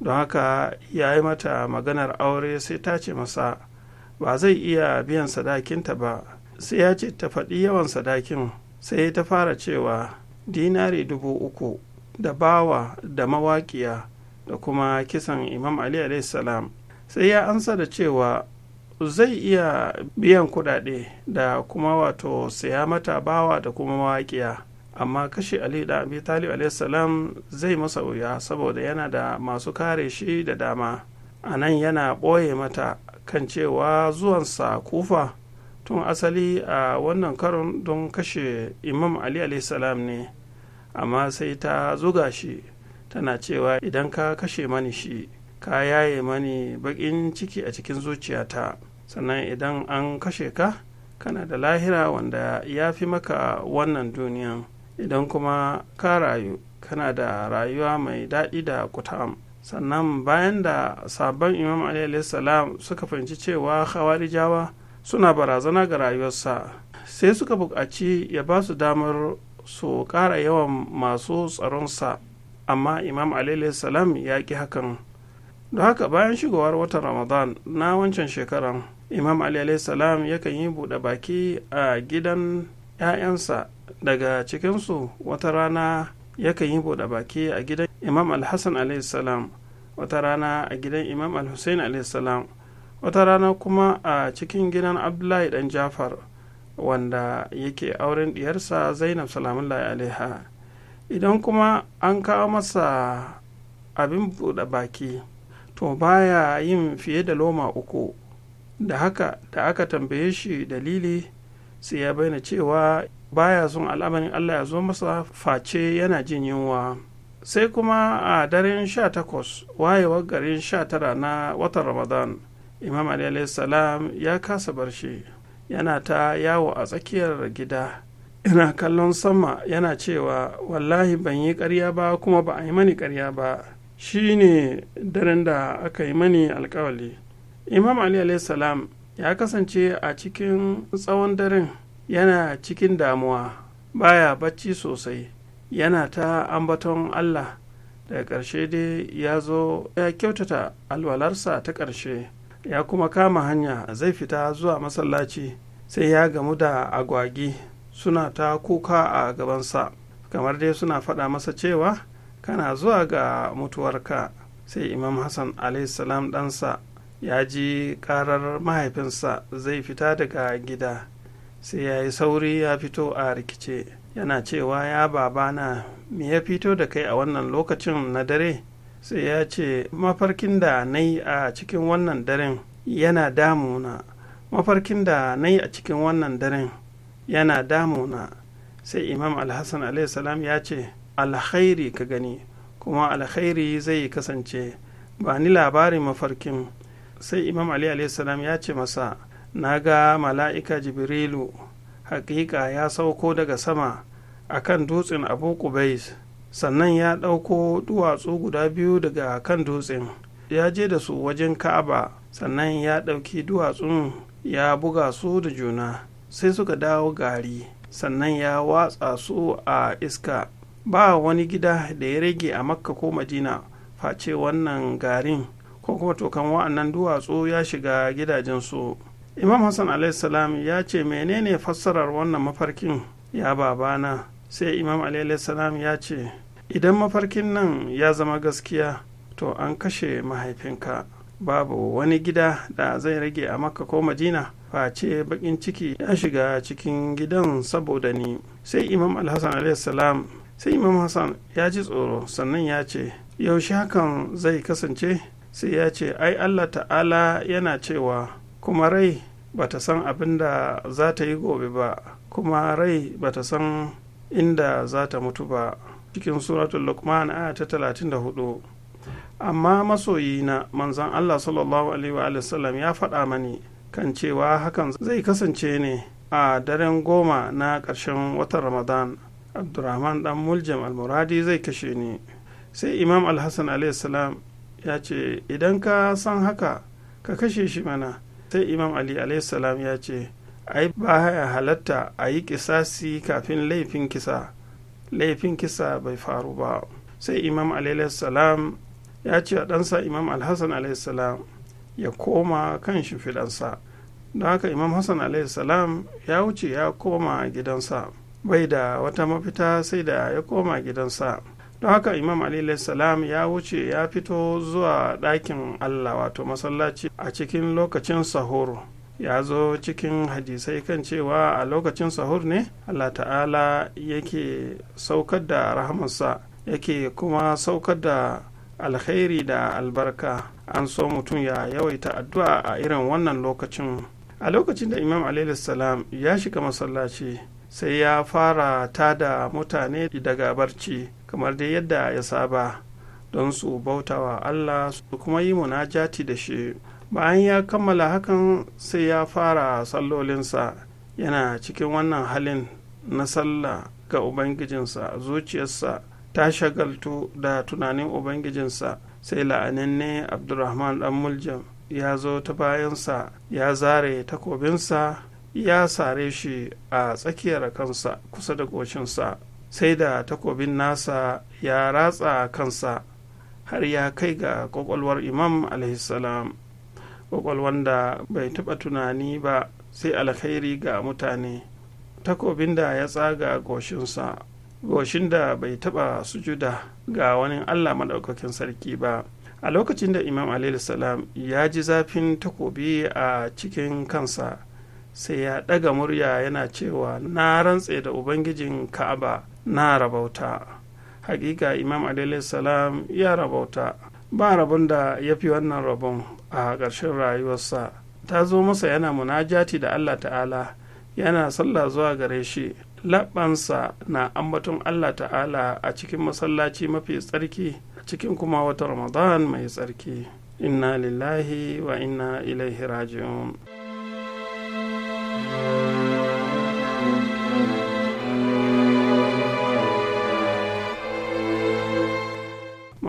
don haka ya yi mata maganar aure sai ta ce masa ba zai iya biyan sadakinta ba sai ya ce ta faɗi yawan sadakin sai ta fara cewa dinari dubu uku da bawa da mawaƙiya da kuma kisan imam ali salam sai ya ansa da cewa zai iya biyan kuɗaɗe da kuma wato saya mata bawa da kuma mawaƙiya amma kashe ali da abi talib salam zai masa wuya saboda yana da masu kare shi da dama a nan yana ɓoye mata kan cewa zuwansa kufa tun asali a wannan karon don kashe imam ali salam ne amma sai ta zuga shi tana cewa idan ka kashe mani shi ka yaye mani baƙin ciki a cikin zuciyata sannan idan an kashe ka kana da lahira wanda ya fi maka wannan duniyan idan kuma ka rayu kana da rayuwa mai daɗi da kutam sannan bayan da sabon imam salam suka fahimci cewa jawa, suna barazana ga rayuwarsa sai suka buƙaci ya ba su damar su ƙara yawan masu tsaronsa amma imam salam ya ƙi hakan Da haka bayan shigowar watan ramadan na wancan shekaran imam ali salam yakan yi buɗe baki a gidan 'ya'yansa daga cikinsu wata rana yakan yi buɗe baki a gidan imam alhassan salam wata rana a gidan imam alhussein salam wata rana kuma a cikin gidan abdullahi dan jafar wanda yake auren diyarsa zainab salamullahi alaiha idan kuma an kawo masa abin buɗe baki to baya yin fiye da loma uku da haka da aka tambaye shi dalili sai ya bayyana cewa baya son al'amarin Allah ya zo masa face yana jin yunwa sai kuma a daren sha takwas wayewar garin sha tara na watan ramadan imam ali salam ya kasa barshi yana ta yawo a tsakiyar gida Ina kallon sama yana cewa wallahi ban yi karya ba kuma ba a yi mani karya ba shi ne daren da aka yi mani alkawali imam ali salam ya kasance a cikin tsawon daren yana cikin damuwa baya bacci sosai yana ta ambaton allah daga ƙarshe dai ya zo ya kyautata alwalarsa ta ƙarshe ya kuma kama hanya zai fita zuwa masallaci sai ya gamu da agwagi suna ta kuka a gabansa kamar dai suna faɗa masa cewa kana zuwa ga mutuwarka sai imam hassan salam ɗansa ya ji karar mahaifinsa zai fita daga gida sai ya yi sauri ya fito a rikice yana cewa ya babana me ya fito da kai a wannan lokacin na dare sai ya ce mafarkin da na yi a cikin wannan daren yana damuna mafarkin da na yi a cikin wannan daren yana damuna sai imam alhassan salam ya ce alkhairi ka gani kuma alkhairi zai kasance ba ni labarin mafarkin sai imam ali salam ya ce masa na ga mala'ika jibrilu hakika ya sauko daga sama A kan dutsen abu kubais sannan ya ɗauko duwatsu guda biyu daga kan dutsen ya je da su wajen ka'aba sannan ya ɗauki duwatsun ya buga su da juna sai suka dawo gari sannan ya watsa su a iska ba wani gida da ya rage a makka ko madina face wannan garin ko kuma tokan wa'annan duwatsu ya shiga gidajen su. imam hassan salam ya ce menene fassarar wannan mafarkin ya babana sai imam salam ya ce idan mafarkin nan ya zama gaskiya to an kashe mahaifinka babu wani gida da zai rage a makka ko madina face bakin ciki ya shiga cikin gidan saboda ni sai imam alhassan salam sai imam hassan ya ji tsoro sannan ya ce yaushe hakan zai kasance sai ya ce ai allah ta'ala yana cewa kuma rai bata san abin da za ta yi gobe ba kuma rai bata san inda za ta mutu ba cikin suratul lukman aya ta talatin da hudu. amma masoyi na manzan allah sallallahu alaihi wa ya faɗa mani kan cewa hakan zai kasance ne a daren goma na ƙarshen watan ramadan abdurrahman dan muljam almuradi zai kashe ni sai imam alhassan salam ya ce idan ka san haka ka kashe shi mana sai imam ali salam ya ce ai ba haya halatta a yi kisasi kafin laifin kisa laifin kisa bai faru ba sai imam salam ya ce a ɗansa imam alhassan salam ya koma kan shi fidansa don haka imam hassan salam ya wuce ya koma gidansa bai da wata mafita sai da ya koma gidansa don haka imam salam ya wuce ya fito zuwa ɗakin allah wato masallaci a cikin lokacin sahur ya zo cikin hadisai kan cewa a lokacin sahur ne allah ta'ala yake saukar da rahamarsa yake kuma saukar da alkhairi da albarka an so mutum ya yawaita addu'a a irin wannan lokacin a lokacin da imam salam ya shiga masallaci sai ya fara tada mutane daga barci kamar dai yadda ya saba don su bautawa Allah su kuma yi munajati da shi bayan ya kammala hakan sai ya fara sallolinsa yana cikin wannan halin na sallah ga ubangijinsa zuciyarsa ta shagaltu da tunanin ubangijinsa sai la'ananne abdulrahman dan muljam ya zo ta bayansa ya zare takobinsa ya sare shi a tsakiyar kansa kusa da ƙoshinsa sai da takobin nasa ya ratsa kansa har ya kai ga ƙwaƙwalwar imam alaihissalam ƙwaƙwalwan da bai taɓa tunani ba sai alkhairi ga mutane takobin da ya tsaga goshinsa goshin da bai taɓa sujuda ga wani allah maɗaukakin sarki ba a lokacin da imam alaihissalam ya ji zafin takobi a cikin kansa sai ya ɗaga murya yana cewa na rantse da ubangijin ka'aba na rabauta hakika imam salam ya rabauta ba rabon da ya fi wannan rabon a ƙarshen rayuwarsa ta zo masa yana munajati da allah ta'ala yana sallah zuwa gare shi laɓansa na ambaton allah ta'ala a cikin masallaci mafi tsarki a cikin kuma wata ramadan mai tsarki inna lillahi wa inna ilaihi raji'un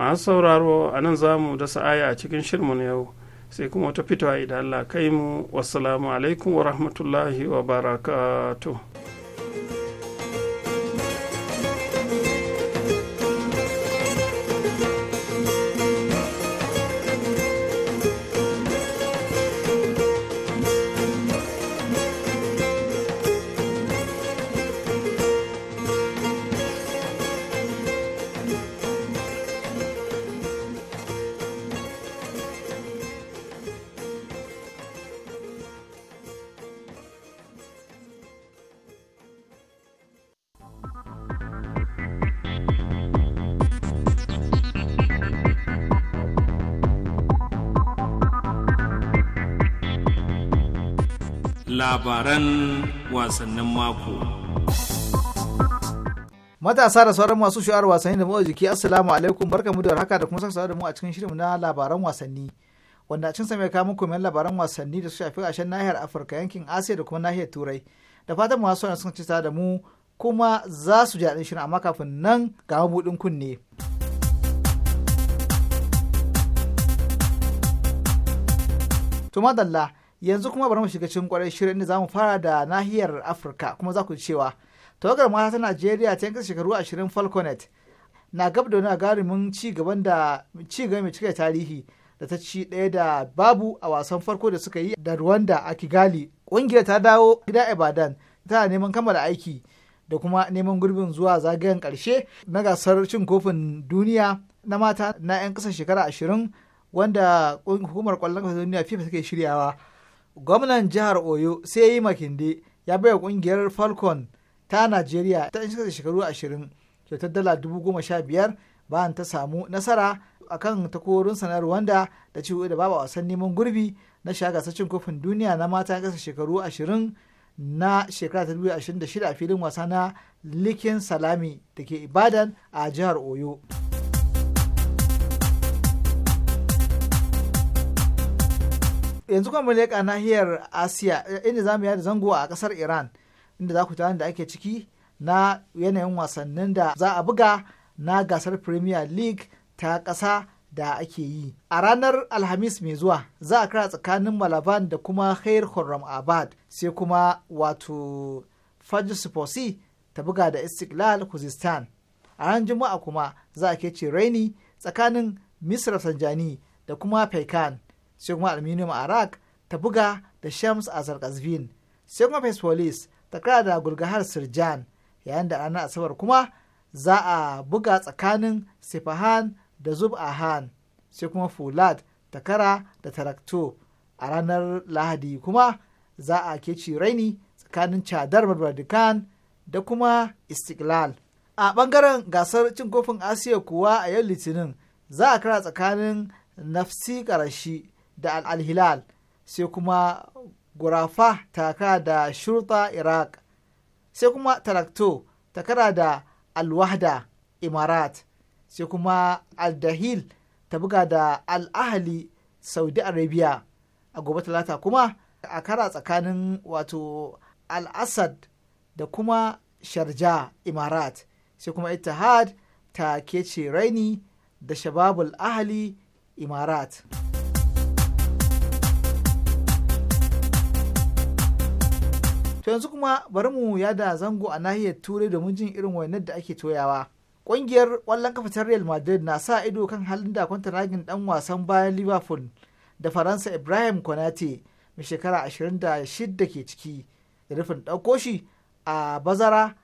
masu sauraro a nan za mu dasa aya a cikin shirmu na yau sai kuma wata fitowa idan Allah kai mu wasu alaikum wa rahmatullahi wa barakatuh labaran wasannin mako. Matasa da sauran masu sha'ar wasanni da motsa jiki assalamu alaikum barkamu da haka da kuma saka da mu a cikin shirin na labaran wasanni. Wanda cin sami kamun komen labaran wasanni da su shafi ƙarshen nahiyar Afirka yankin Asiya da kuma nahiyar Turai. Da fatan masu sun cita da mu kuma za su ji daɗin shirin amma kafin nan ga mabuɗin kunne. To madalla yanzu kuma bari mu shiga cikin kwarai shirin da za mu fara da nahiyar afirka kuma za ku ji cewa tawagar mata ta najeriya ta yanka shekaru ashirin falconet na gab da wani mun ci gaban da ci gaba mai cika tarihi da ta ci ɗaya da babu a wasan farko da suka yi da rwanda a kigali ƙungiyar ta dawo gida ibadan tana neman kammala aiki da kuma neman gurbin zuwa zagayen ƙarshe na gasar cin kofin duniya na mata na 'yan ƙasar shekara ashirin wanda hukumar ƙwallon kasa duniya fifa take shiryawa gwamnan jihar oyo sai ya yi makinde ya baiwa wa kungiyar falcon ta najeriya ta iska shekaru ashirin kyautar dala dubu sha biyar bayan ta samu nasara akan takorin na wanda da ciwo da babu wasan neman gurbi na shagasar kofin duniya na mata kasa shekaru ashirin na shekara 2026 a filin wasa na likin salami da ke ibadan a jihar oyo. yanzu kuma leƙa nahiyar asiya inda za mu yada zango a ƙasar iran inda za ku ta da ake ciki na yanayin wasannin da za a buga na gasar premier league ta ƙasa da ake yi a ranar alhamis mai zuwa za a kira tsakanin malaban da kuma khair khurram abad sai kuma wato fajr sifosi ta buga da istiklal kuzistan a ran juma'a kuma za a kece raini tsakanin misra sanjani da kuma faikan sai kuma aluminium arak ta buga da shams a zarkazvin sai kuma police ta kara da gulgahar sirjan yayin da ranar asabar kuma za a buga tsakanin sifahan da zub ahan sai kuma fulad ta kara da tarakto a ranar lahadi kuma za a keci raini tsakanin Chadar Barbadikan da kuma istiklal a bangaren gasar cin kofin asiya kuwa a yau litinin za a kara tsakanin nafsi karashi da al-hilal sai kuma gurafa taka da shurta iraq sai kuma tarakto takara da alwahda imarat sai kuma aldahil ta buga da al'ahali saudi arabia a gobe talata kuma a kara tsakanin wato al al'asad da kuma sharja imarat sai kuma ittihad ta kece raini da shababul ahali imarat. to yanzu kuma bari mu yada zango a nahiyar turai domin jin irin wainar da ake toyawa ƙungiyar kwallon kafa ta real madrid na sa ido kan halin da kwanta ragin dan wasan bayan liverpool da faransa ibrahim konate mai shekara 26 ke ciki da rufin ɗauko shi a bazara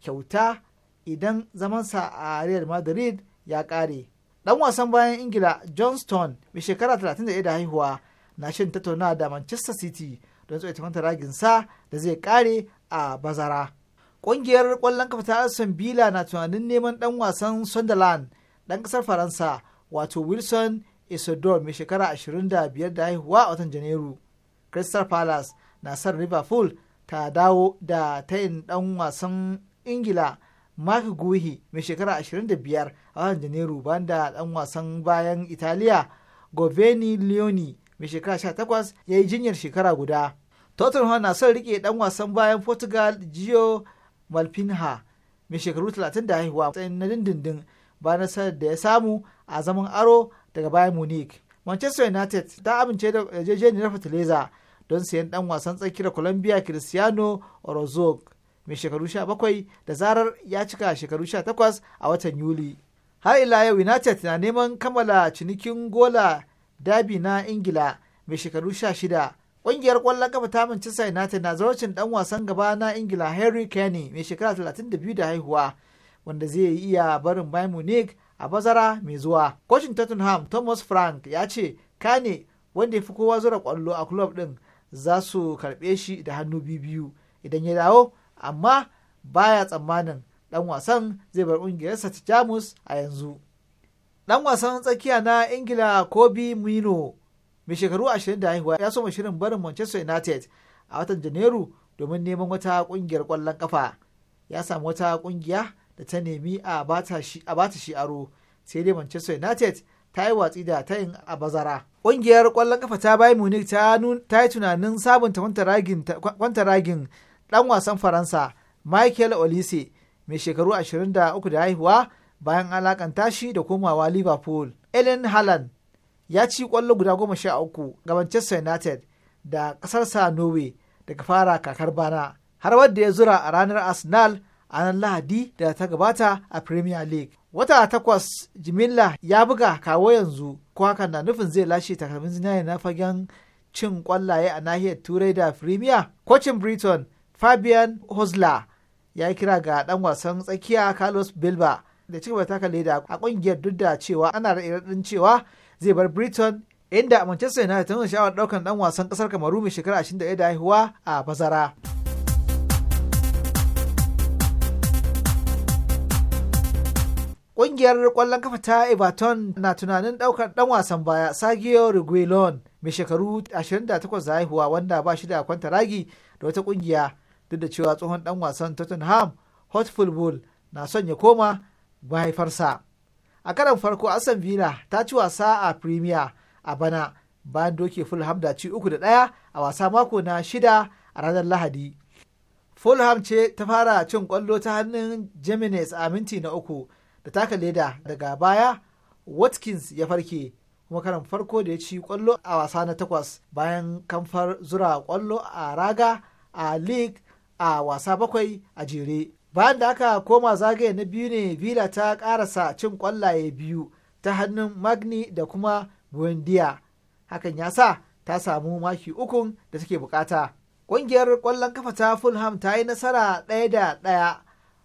kyauta idan zamansa a real madrid ya ƙare dan wasan bayan ingila johnston mai shekara 31 da haihuwa na shin tattauna da manchester city don tsawaita mantaragin sa da zai kare a bazara ƙungiyar ƙwallon kafa ta Aston Villa na tunanin neman ɗan wasan Sunderland ɗan ƙasar Faransa wato Wilson Isidore mai shekara 25 da haihuwa a watan Janairu. Crystal Palace na son Liverpool ta dawo da tayin ɗan wasan Ingila Mark Guhi mai shekara 25 a watan Janairu bayan da ɗan wasan bayan Italiya Goveni Leoni mai shekara 18 ya yi jinyar shekara guda. Tottenham na son rike dan wasan bayan Portugal Gio Malpinha mai shekaru 30 da haihuwa tsayin na dindindin ba nasarar da ya samu a zaman aro daga bayan Munich. Manchester United ta amince da yarjejeniyar Fertileza don sayan dan wasan tsakiyar Colombia Cristiano Orozog mai shekaru 17 da zarar ya cika shekaru 18 a watan Yuli. Har ila yau United na neman kammala cinikin gola Dabi na Ingila mai shekaru 16 Ƙungiyar ƙwallon kafa ta Manchester United na zarocin ɗan wasan gaba na Ingila Harry Kane mai shekara 32 da haihuwa wanda zai iya barin Bayern Munich a bazara mai zuwa. Kocin Tottenham Thomas Frank ya ce Kane wanda ya fi kowa zura ƙwallo a club ɗin za su karɓe shi da hannu biyu idan ya dawo amma baya tsammanin ɗan wasan zai bar ƙungiyarsa ta Jamus a yanzu. Ɗan wasan tsakiya na Ingila Kobe Mino mai shekaru 20 da haihuwa ya soma shirin barin manchester united a watan janairu domin neman wata kungiyar kwallon kafa ya samu wata kungiya da ta nemi a bata shi aro sai dai manchester united ta yi watsi da tayin a bazara kungiyar kwallon kafa ta bayi munich ta yi tunanin sabunta ragin dan wasan faransa michael olise mai shekaru 23 da haihuwa bayan alakanta shi da komawa liverpool ellen haaland ya ci kwallo guda goma sha uku ga Manchester United da ƙasarsa Norway daga fara kakar bana har wadda ya zura a ranar Arsenal a nan Lahadi da ta gabata a Premier League. Wata takwas jimilla ya buga kawo yanzu ko haka na nufin zai lashe takalmin zinari na fagen cin kwallaye a nahiyar Turai da Premier. Kocin Britain Fabian Hosler ya yi kira ga dan wasan tsakiya Carlos Bilba da cigaba taka leda a kungiyar duk da cewa ana raɗin cewa zai bar britain inda manchester united ta nuna sha'awar daukan dan wasan kasar kamaru mai shekara 21 da haihuwa a bazara Ƙungiyar ƙwallon kafa ta Everton na tunanin ɗaukar ɗan wasan baya Sergio Reguilon mai shekaru 28 da haihuwa wanda ba shi da kwanta ragi da wata ƙungiya duk da cewa tsohon ɗan wasan Tottenham Hotspur na son ya koma mahaifarsa. a karan farko aston villa ta ci wasa a premier a bana bayan doke fulham da ci uku da ɗaya a wasa mako na shida a ranar lahadi fulham ce ta fara cin kwallo ta hannun jimenez a minti na uku da taka leda daga baya watkins ya farke kuma karan farko da ya ci kwallo a wasa na takwas bayan kamfar zura kwallo a raga a league a wasa bakwai a jere bayan da aka koma zagaye na biyu ne villa ta karasa cin kwallaye biyu ta hannun magni da kuma buendia hakan ya sa ta samu maki ukun da take bukata ƙungiyar kwallon kafa ta fulham ta yi nasara ɗaya da ɗaya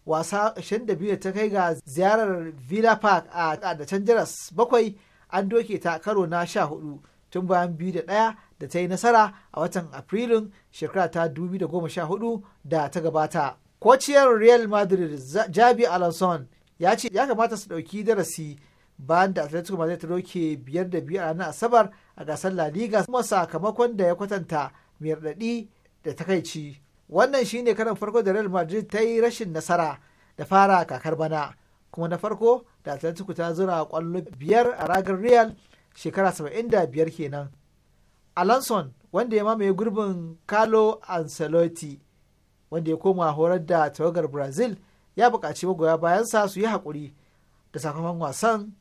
wasa 22 ta kai ga ziyarar villa park a da can jaras bakwai an doke ta karo na 14 tun bayan biyu da ɗaya da ta yi nasara a watan afrilun shekara ta 2014 da ta gabata kociyar real madrid jabi alonson ya ce ya kamata su ɗauki darasi bayan da atletico madrid ta doke biyar da biyar a ranar asabar a gasar la liga kuma sakamakon da ya kwatanta mai raɗaɗi da takaici wannan shine karan farko da real madrid ta yi rashin nasara da fara kakar bana kuma na farko da atletico ta zura kwallo biyar a ragar real shekara biyar kenan alonson wanda ya mamaye gurbin carlo ancelotti wanda ya koma horar da tawagar brazil ya buƙaci magoya bayansa su yi haƙuri da sakamakon wasan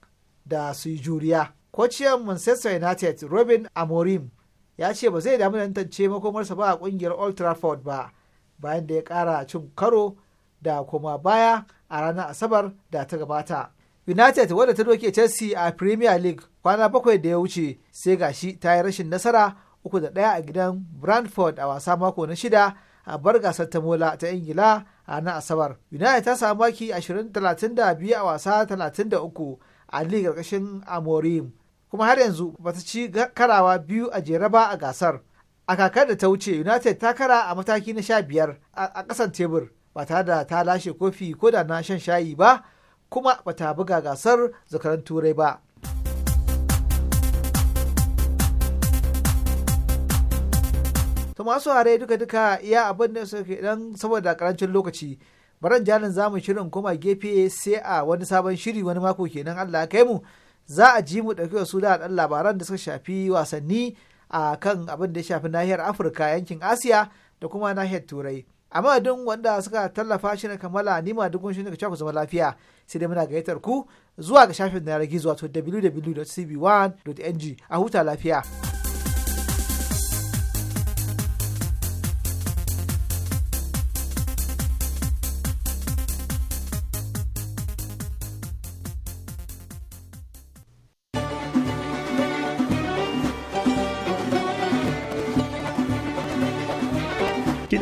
da su yi juriya kociyar manchester united robin amorim ya ce ba zai damu da tantance makomarsa ba a ƙungiyar old trafford ba bayan da ya ƙara cin karo da koma baya a ranar asabar da ta gabata united wadda ta doke chelsea a premier league kwana bakwai da ya wuce sai gashi ta yi rashin nasara uku da ɗaya a gidan brantford a wasa mako na shida a bar gasar ta mola ta ingila a na asabar united ta samu maki 20-32 a wasa 33 a league karkashin amorim kuma har yanzu bata ci karawa biyu a jere ba a gasar a kakar da ta wuce united ta kara a mataki na sha biyar a kasan tebur ba tare da ta lashe kofi ko da na shan shayi ba kuma ba ta buga gasar zakaran turai ba kuma su hare duka duka iya abin da suke dan saboda karancin lokaci baran jalin zamu shirin koma gefe sai a wani sabon shiri wani mako kenan Allah ya kai mu za a ji mu wa su da dan labaran da suka shafi wasanni a kan abin da ya shafi nahiyar Afirka yankin Asiya da kuma nahiyar Turai amma don wanda suka tallafa shi na kamala nima dukkan shi ne ka ku zama lafiya sai dai muna gayyatar ku zuwa ga shafin da na zuwa wato www.cb1.ng a huta lafiya.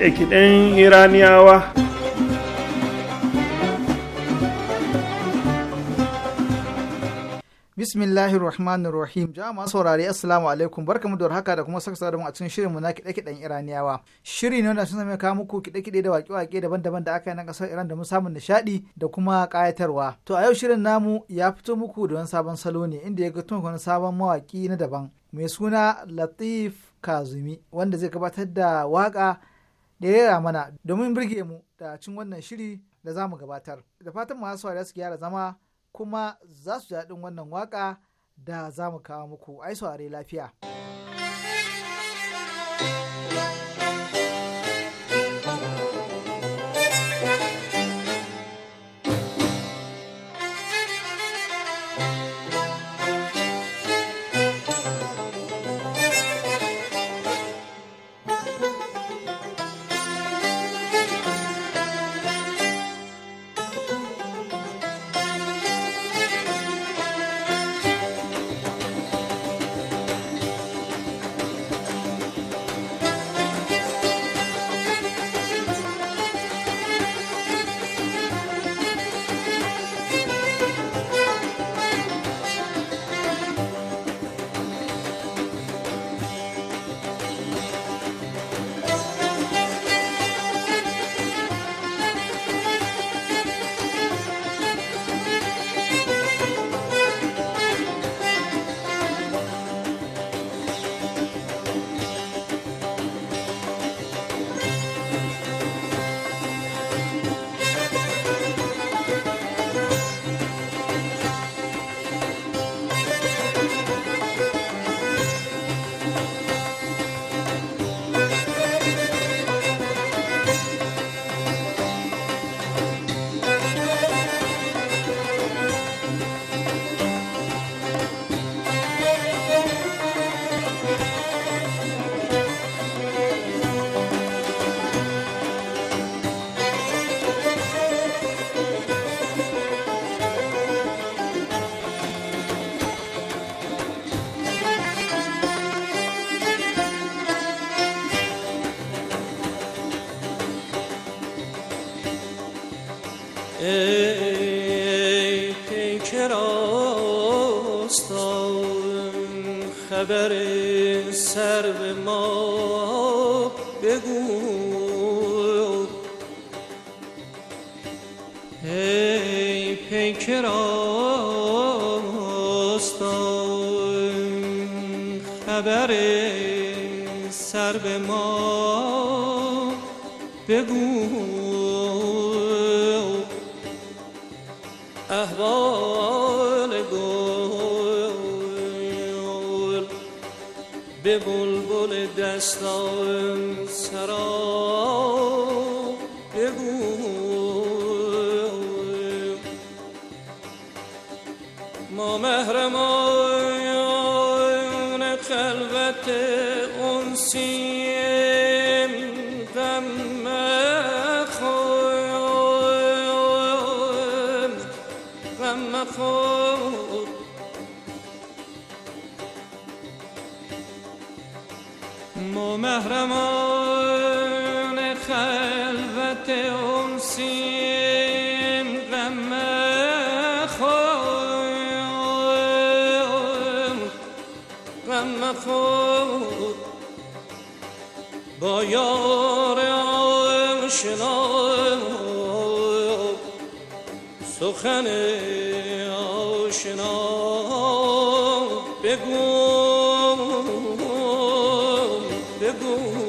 kide-kiden iraniyawa bismillahir rahmanir rahim jama'a saurari assalamu alaikum barkamu da haka da kuma saka da mu a cikin shirinmu na kide-kiden iraniyawa shiri ne wanda sun zama kawo muku kiɗe-kiɗe da waƙe-waƙe daban-daban da aka yi na ƙasar iran da mu samun nishaɗi da kuma ƙayatarwa to a yau shirin namu ya fito muku da wani sabon salo ne inda ya ga tun wani sabon mawaƙi na daban mai suna latif kazumi wanda zai gabatar da waƙa da ya rera mana domin birge mu da cin wannan shiri da za mu gabatar. Da fatan masu saurari su gyara zama kuma za su daɗin wannan waka da za mu kawo muku ai saurari lafiya.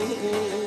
me.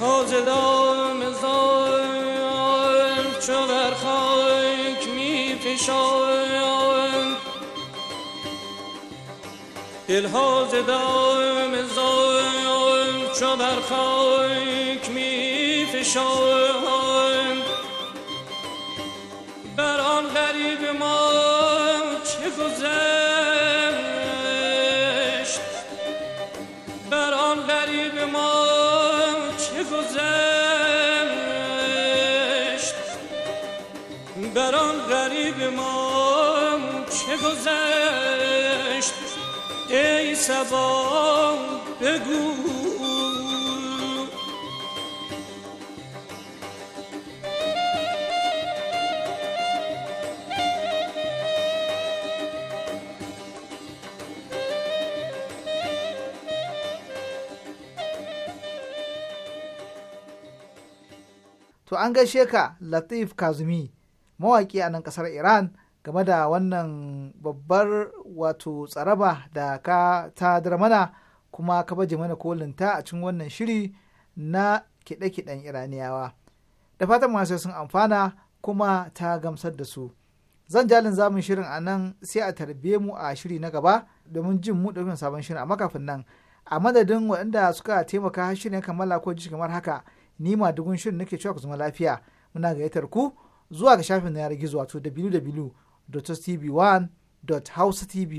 حاج دام زار چو بر خاک می فشان دل حاج دام زار چو بر خاک می گذشت ای سبا بگو To an gaishe ka Latif Kazumi, mawaƙi a nan ƙasar Iran game da wannan babbar wato tsaraba da ka ta mana kuma ka baje mana kolinta a cikin wannan shiri na kiɗe-kiɗen iraniyawa da fatan masu sun amfana kuma ta gamsar da su zan jalin zamun shirin a nan sai a tarbe mu a shiri na gaba domin jin mu ɗaukin sabon shirin a makafin nan a madadin waɗanda suka taimaka shirin kammala ko jishi kamar haka ni ma dugun shirin nake cewa ku zama lafiya muna gayyatar ku zuwa ga shafin na yanar gizo wato www wwwtv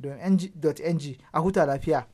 1ng a huta lafiya.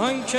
Anche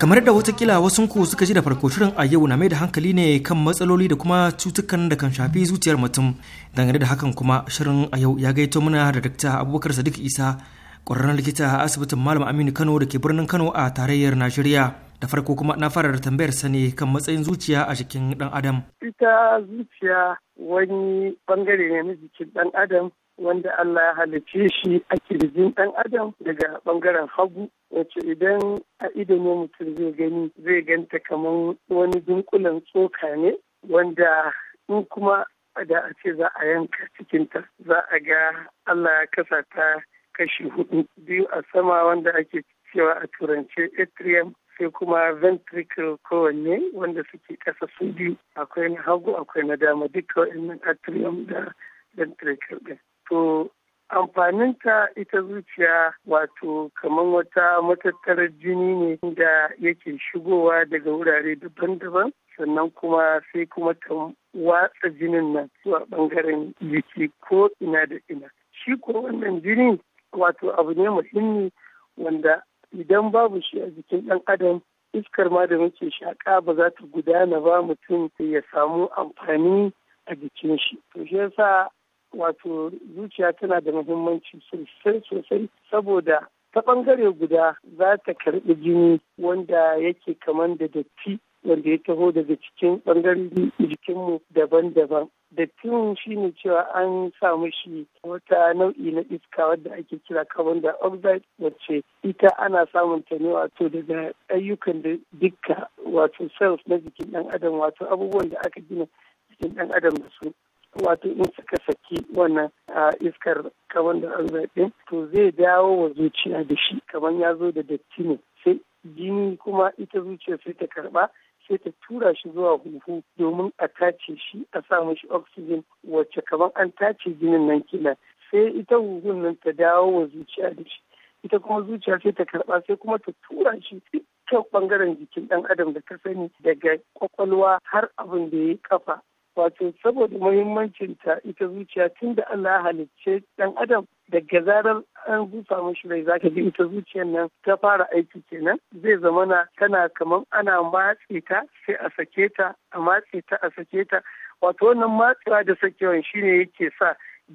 kamar da watakila wasu ku suka ji da farko shirin a yau na mai da hankali ne kan matsaloli da kuma cutukan da kan shafi zuciyar mutum dangane da hakan kuma shirin a yau ya gaito mana da dakta abubakar sadiq isa ƙwararren likita a asibitin malam aminu kano da ke birnin kano a tarayyar najeriya da farko kuma na fara da tambayar sani kan matsayin zuciya a jikin dan adam ita zuciya wani bangare ne na jikin dan adam wanda Allah ya halicce shi a kirjin ɗan adam daga ɓangaren hagu wace idan a idon mutum zai gani zai ganta kamar wani dunkulen tsoka ne wanda in kuma da a ce za a yanka cikin ta za a ga Allah ya kasa ta kashi hudu biyu a sama wanda ake cewa a turance atrium sai kuma ventricle kowanne wanda suke ƙasa su biyu akwai na hagu akwai na dama duka wa'annan atrium da ventricle ɗin. To amfaninta ita zuciya wato kamar wata matattarar jini ne da yake shigowa daga wurare daban-daban sannan kuma sai kuma ta watsa jinin nan zuwa bangaren jiki ko ina da ina shi ko wannan jini wato abu ne muhimmi wanda idan babu shi a jikin ɗan adam iskar ma da muke shaƙa ba za ta gudana ba mutum ya samu amfani a jikin shi to shi yasa wato zuciya tana da muhimmanci sosai sosai saboda ta ɓangare guda za ta karɓi jini wanda yake kaman da datti wanda ya taho daga cikin ɓangare jikinmu daban-daban dattin shi ne cewa an samu shi wata nau'i na iska wadda ake kira carbon dioxide wacce ita ana samun ta ne wato daga ayyukan da dukka wato cells na jikin dan adam wato abubuwan da aka gina jikin dan adam da su wato in suka saki wannan a iskar carbon dioxide ɗin to zai dawo wa zuciya da shi kamar ya zo da datti ne sai jini kuma ita zuciya sai ta karba. sai ta tura shi zuwa huhu domin a tace shi a sa mashi oxygen wacce kamar an tace jinin nan kila sai ita huhun nan ta dawo wa zuciya da shi ita kuma zuciya sai ta karba sai kuma ta tura shi dukkan bangaren jikin dan adam da ta sani daga kwakwalwa har abin da ya kafa wato saboda muhimmancinta ita zuciya tun da Allah halicce dan adam daga zarar an busa mashi rai zaka ji ita zuciyar nan ta fara aiki kenan zai zama na tana kamar ana matse ta sai a sake ta a matse ta a sake ta wato wannan matsewa da sakewan shine yake sa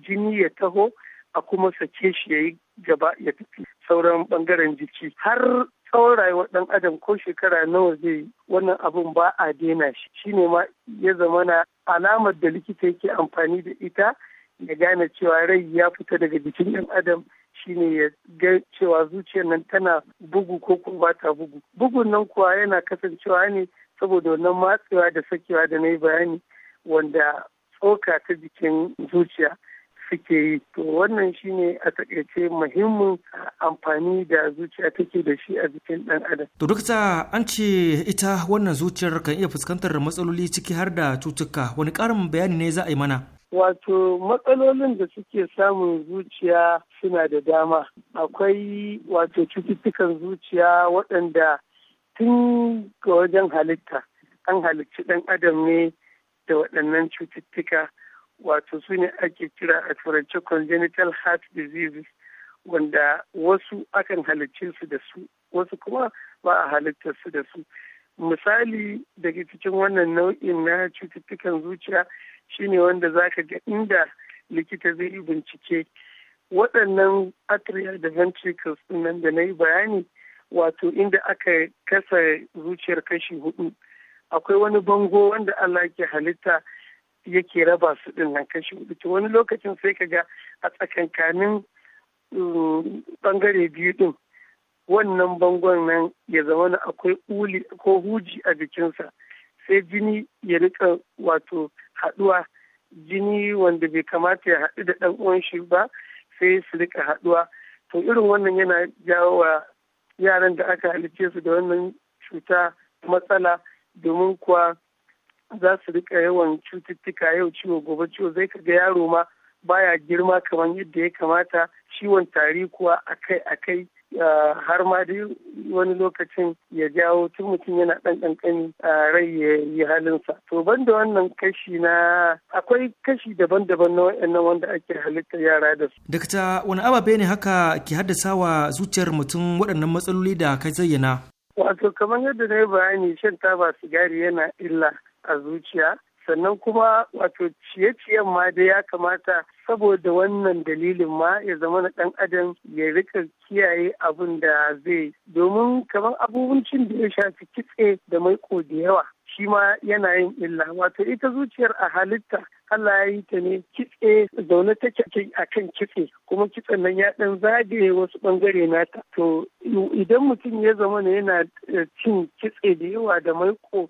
jini ya taho a kuma sake shi ya yi gaba ya tafi sauran bangaren jiki har tsawon rayuwar dan adam ko shekara nawa zai wannan abun ba a daina shi shine ma ya zama na alamar da likita yake amfani da ita ya gane cewa rai ya fita daga jikin ɗan adam shine ya ga cewa zuciyar nan tana bugu ko kuma ba ta bugu bugun nan kuwa yana kasancewa ne saboda wannan matsewa da sakewa da na yi bayani wanda tsoka ta jikin zuciya suke yi to wannan shine a takaice muhimmin amfani da zuciya take da shi a jikin dan adam to duk ta an ce ita wannan zuciyar kan iya fuskantar matsaloli ciki har da cutuka wani karin bayani ne za a yi mana Wato matsalolin da suke samun zuciya suna da dama. Akwai wato cututtukan zuciya waɗanda tun ga wajen halitta an halicci ɗan adam ne da waɗannan cututtuka wato su ne ake kira a turance congenital heart diseases wanda wasu akan halicce su da su wasu kuma ba a halittar su da su misali daga cikin wannan nau'in na cututtukan zuciya shine wanda zaka ga inda likita zai yi bincike waɗannan atria da ventricles nan da na yi bayani wato inda aka kasa zuciyar kashi hudu akwai wani bango wanda Allah ke halitta yake raba su din nan kashi hudu wani lokacin sai ka ga a tsakankanin bangare um, biyu din wannan bangon nan ya zama na akwai uli ko huji a jikinsa sai jini ya rika wato haduwa jini wanda bai kamata ya haɗu da ɗan uwan shi ba sai su rika haduwa to irin wannan yana jawo wa yaran da aka halice su da wannan cuta matsala domin kuwa za su rika yawan cututtuka yau ciwo gobe ciwo zai ka ga yaro ma baya girma kamar yadda ya kamata ciwon tari kuwa akai akai har ma dai wani lokacin ya jawo tun mutum yana kankani a rai ya yi halinsa. To ban da wannan kashi na akwai kashi daban-daban na wa'annan wanda ake halitta yara da su. Dakta wani ababe ne haka ke haddasa wa zuciyar mutum waɗannan matsaloli da ka zayyana? Wato kamar yadda na yi bayani shan taba sigari yana illa a zuciya sannan kuma wato ciye-ciyen ma dai ya kamata saboda wannan dalilin ma ya zama na ɗan adam ya rika kiyaye abin da zai domin kamar abubuncin da ya shafi kitse da maiko da yawa shi ma yana yin illa wato ita zuciyar a halitta Allah ya yi ta ne kitse zaune take a kan kitse kuma kitsen nan ya dan zage wasu bangare nata to idan mutum ya zama yana eh, cin kitse da yawa da maiko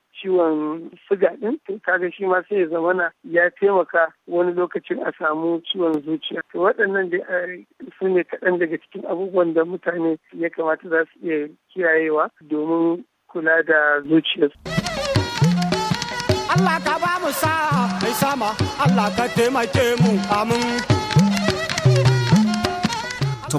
ciwon siga ɗin. to kaga shi ma sai ya zamana ya taimaka wani lokacin a samu ciwon zuciya to waɗannan da eh, su ne kaɗan daga cikin abubuwan da mutane ya kamata za su iya kiyayewa domin kula da zuciyarsu. Allah ka ba mu sa mai sama Allah ka taimake mu amin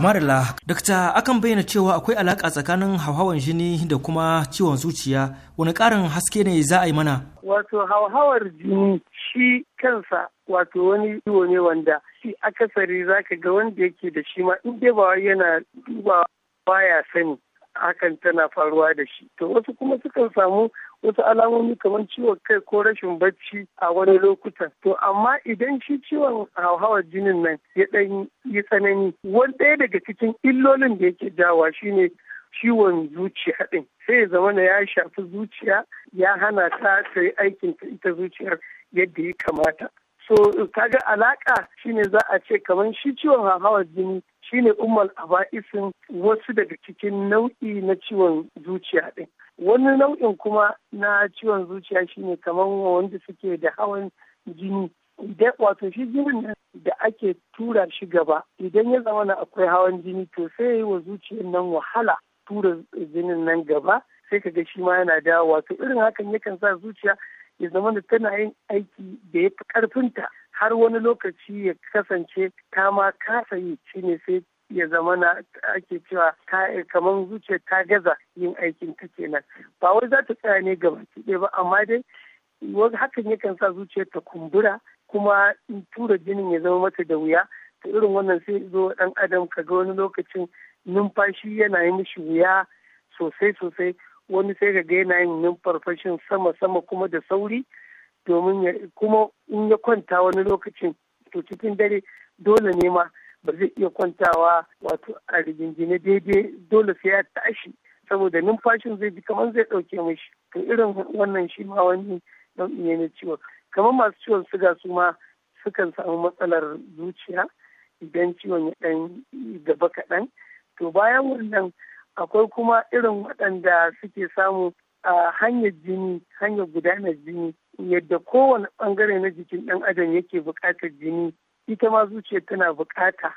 marilla, dakta akan bayyana cewa akwai alaƙa tsakanin hauhawar jini da kuma ciwon zuciya, wani ƙarin haske ne za a yi mana? Wato hauhawar jini shi kansa wato wani ciwo ne wanda shi akasari ka ga wanda yake da shi ma in dai ba yana duba baya sani hakan tana faruwa da shi. To wasu kuma sukan samu wasu alamomi kamar ciwon kai ko rashin bacci a wani lokutan. To amma idan shi ciwon hauhawar jinin nan ya ɗan yi tsanani, wani ɗaya daga cikin illolin da yake jawa shine ciwon zuciya ɗin. Sai ya zama ya shafi zuciya ya hana ta ta yi aikin ta ita zuciyar yadda ya kamata. So ga alaƙa shine za a ce kamar shi ciwon hauhawar jini shine umar aba'isin wasu daga cikin nau'i na ciwon zuciya ɗin wani nau'in kuma na ciwon zuciya shine kamar wanda suke da hawan jini idan wato shi jinin da ake tura shi gaba idan ya zama na akwai hawan jini to sai ya yi wa zuciyar nan wahala tura jinin nan gaba sai ka ga shi ma yana dawo wato irin hakan yakan sa zuciya ya zama da tana yin aiki da ya karfinta har wani lokaci ya kasance ta ma kasa yi shine sai ya zama na ake cewa kamar zuciya ta gaza yin aikin ta kenan ba wai za ta tsaya ne gaba ɗaya ba amma dai wani hakan yakan sa zuciya ta kumbura kuma in tura jinin ya zama mata da wuya ta irin wannan sai zo dan adam ga wani lokacin numfashi yana yi mishi wuya sosai sosai wani sai ga yana yin numfarfashin sama sama kuma da sauri domin kuma in ya kwanta wani lokacin to cikin dare dole ne ma ba zai iya kwantawa wato a rigingine daidai dole sai ya tashi saboda numfashin zai bi kamar zai dauke mishi to irin wannan shi ma wani nau'i ne na ciwon kamar masu ciwon suga su ma sukan samu matsalar zuciya idan ciwon ya dan gaba kaɗan to bayan wannan akwai kuma irin waɗanda suke samu a hanyar jini hanyar gudanar jini yadda kowane bangare na jikin ɗan adam yake buƙatar jini ita ma zuciyar tana bukata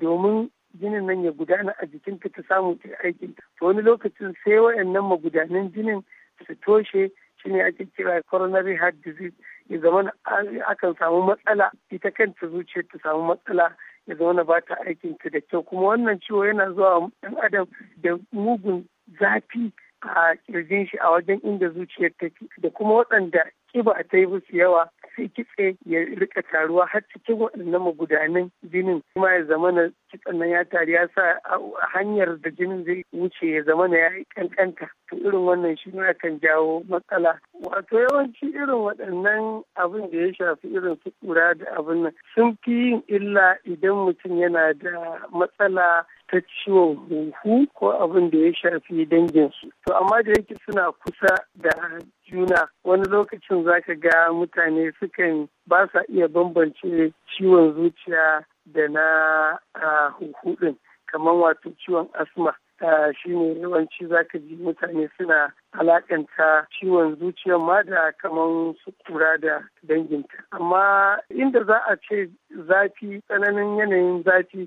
domin jinin nan ya gudana a jikinta ta samu ta aikin to wani lokacin sai waɗannan magudanan jinin su toshe shine ake kira coronary heart disease ya zama akan samu matsala ita kanta zuciyar ta samu matsala ya zama ba ta aikin ta da kyau kuma wannan ciwo yana zuwa ɗan adam da mugun zafi a kirjin shi a wajen inda zuciyar take da kuma waɗanda kiba ta yi musu yawa sai kitse ya rika taruwa har cikin waɗannan magudanan jinin kuma ya zamana kitsen nan ya tari ya sa hanyar da jinin zai wuce ya zamana ya yi kankanta to irin wannan shi ma kan jawo matsala wato yawanci irin waɗannan abin da ya shafi irin su kura da abin nan sun fi yin illa idan mutum yana da matsala ta ciwon huhu ko abin da ya shafi danginsu. To amma da yake suna kusa da juna wani lokacin zaka ga mutane sukan ba sa iya bambance ciwon zuciya da na huhu ɗin kamar wato ciwon asma. shi ne yawanci zaka ji mutane suna alakanta ciwon zuciya ma da kaman su kura da danginta amma inda za a ce zafi tsananin yanayin zafi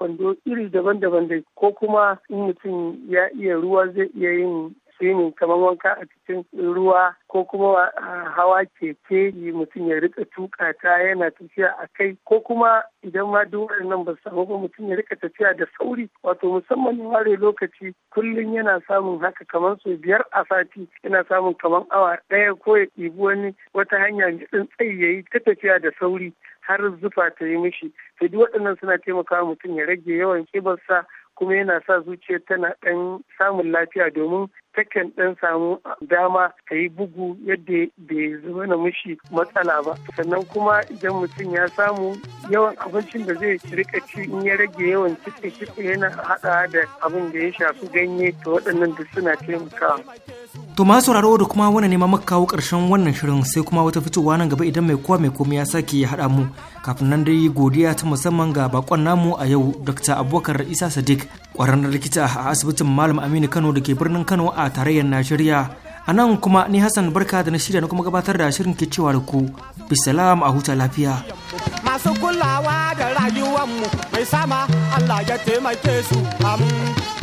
kwando iri daban-daban dai ko kuma in mutum ya iya ruwa zai iya yin shine kamar wanka a cikin ruwa ko kuma hawa keke mutum ya rika tuka ta yana tafiya a kai ko kuma idan ma duk waɗannan ba samu ba mutum ya rika tafiya da sauri wato musamman ware lokaci kullum yana samun haka kamar sau biyar a sati yana samun kamar awa ɗaya ko ya ɗibi wani wata hanya mai tsayi ya yi ta tafiya da sauri har zufa ta yi mishi to duk waɗannan suna taimakawa mutum ya rage yawan kibarsa kuma yana sa zuciya tana ɗan samun lafiya domin takan ɗan samu dama ka yi bugu yadda bai zama na mushi matsala ba sannan kuma idan mutum ya samu yawan abincin da zai rika ci in ya rage yawan kitse kitse yana haɗa da abin da ya shafi ganye ta waɗannan duk suna taimakawa. To ma sauraro da kuma wani neman maka kawo ƙarshen wannan shirin sai kuma wata fitowa nan gaba idan mai kowa mai komai ya sake ya haɗa mu kafin nan dai godiya ta musamman ga bakon namu a yau Dr. Abubakar Isa Sadiq ƙwararren likita a asibitin malam aminu kano da ke birnin kano a tarayyar najeriya a nan kuma ni hassan barka da na shirya na kuma gabatar da shirin ke cewa da ku bisalam a huta lafiya masu kulawa da rayuwanmu mai sama allah ya taimake su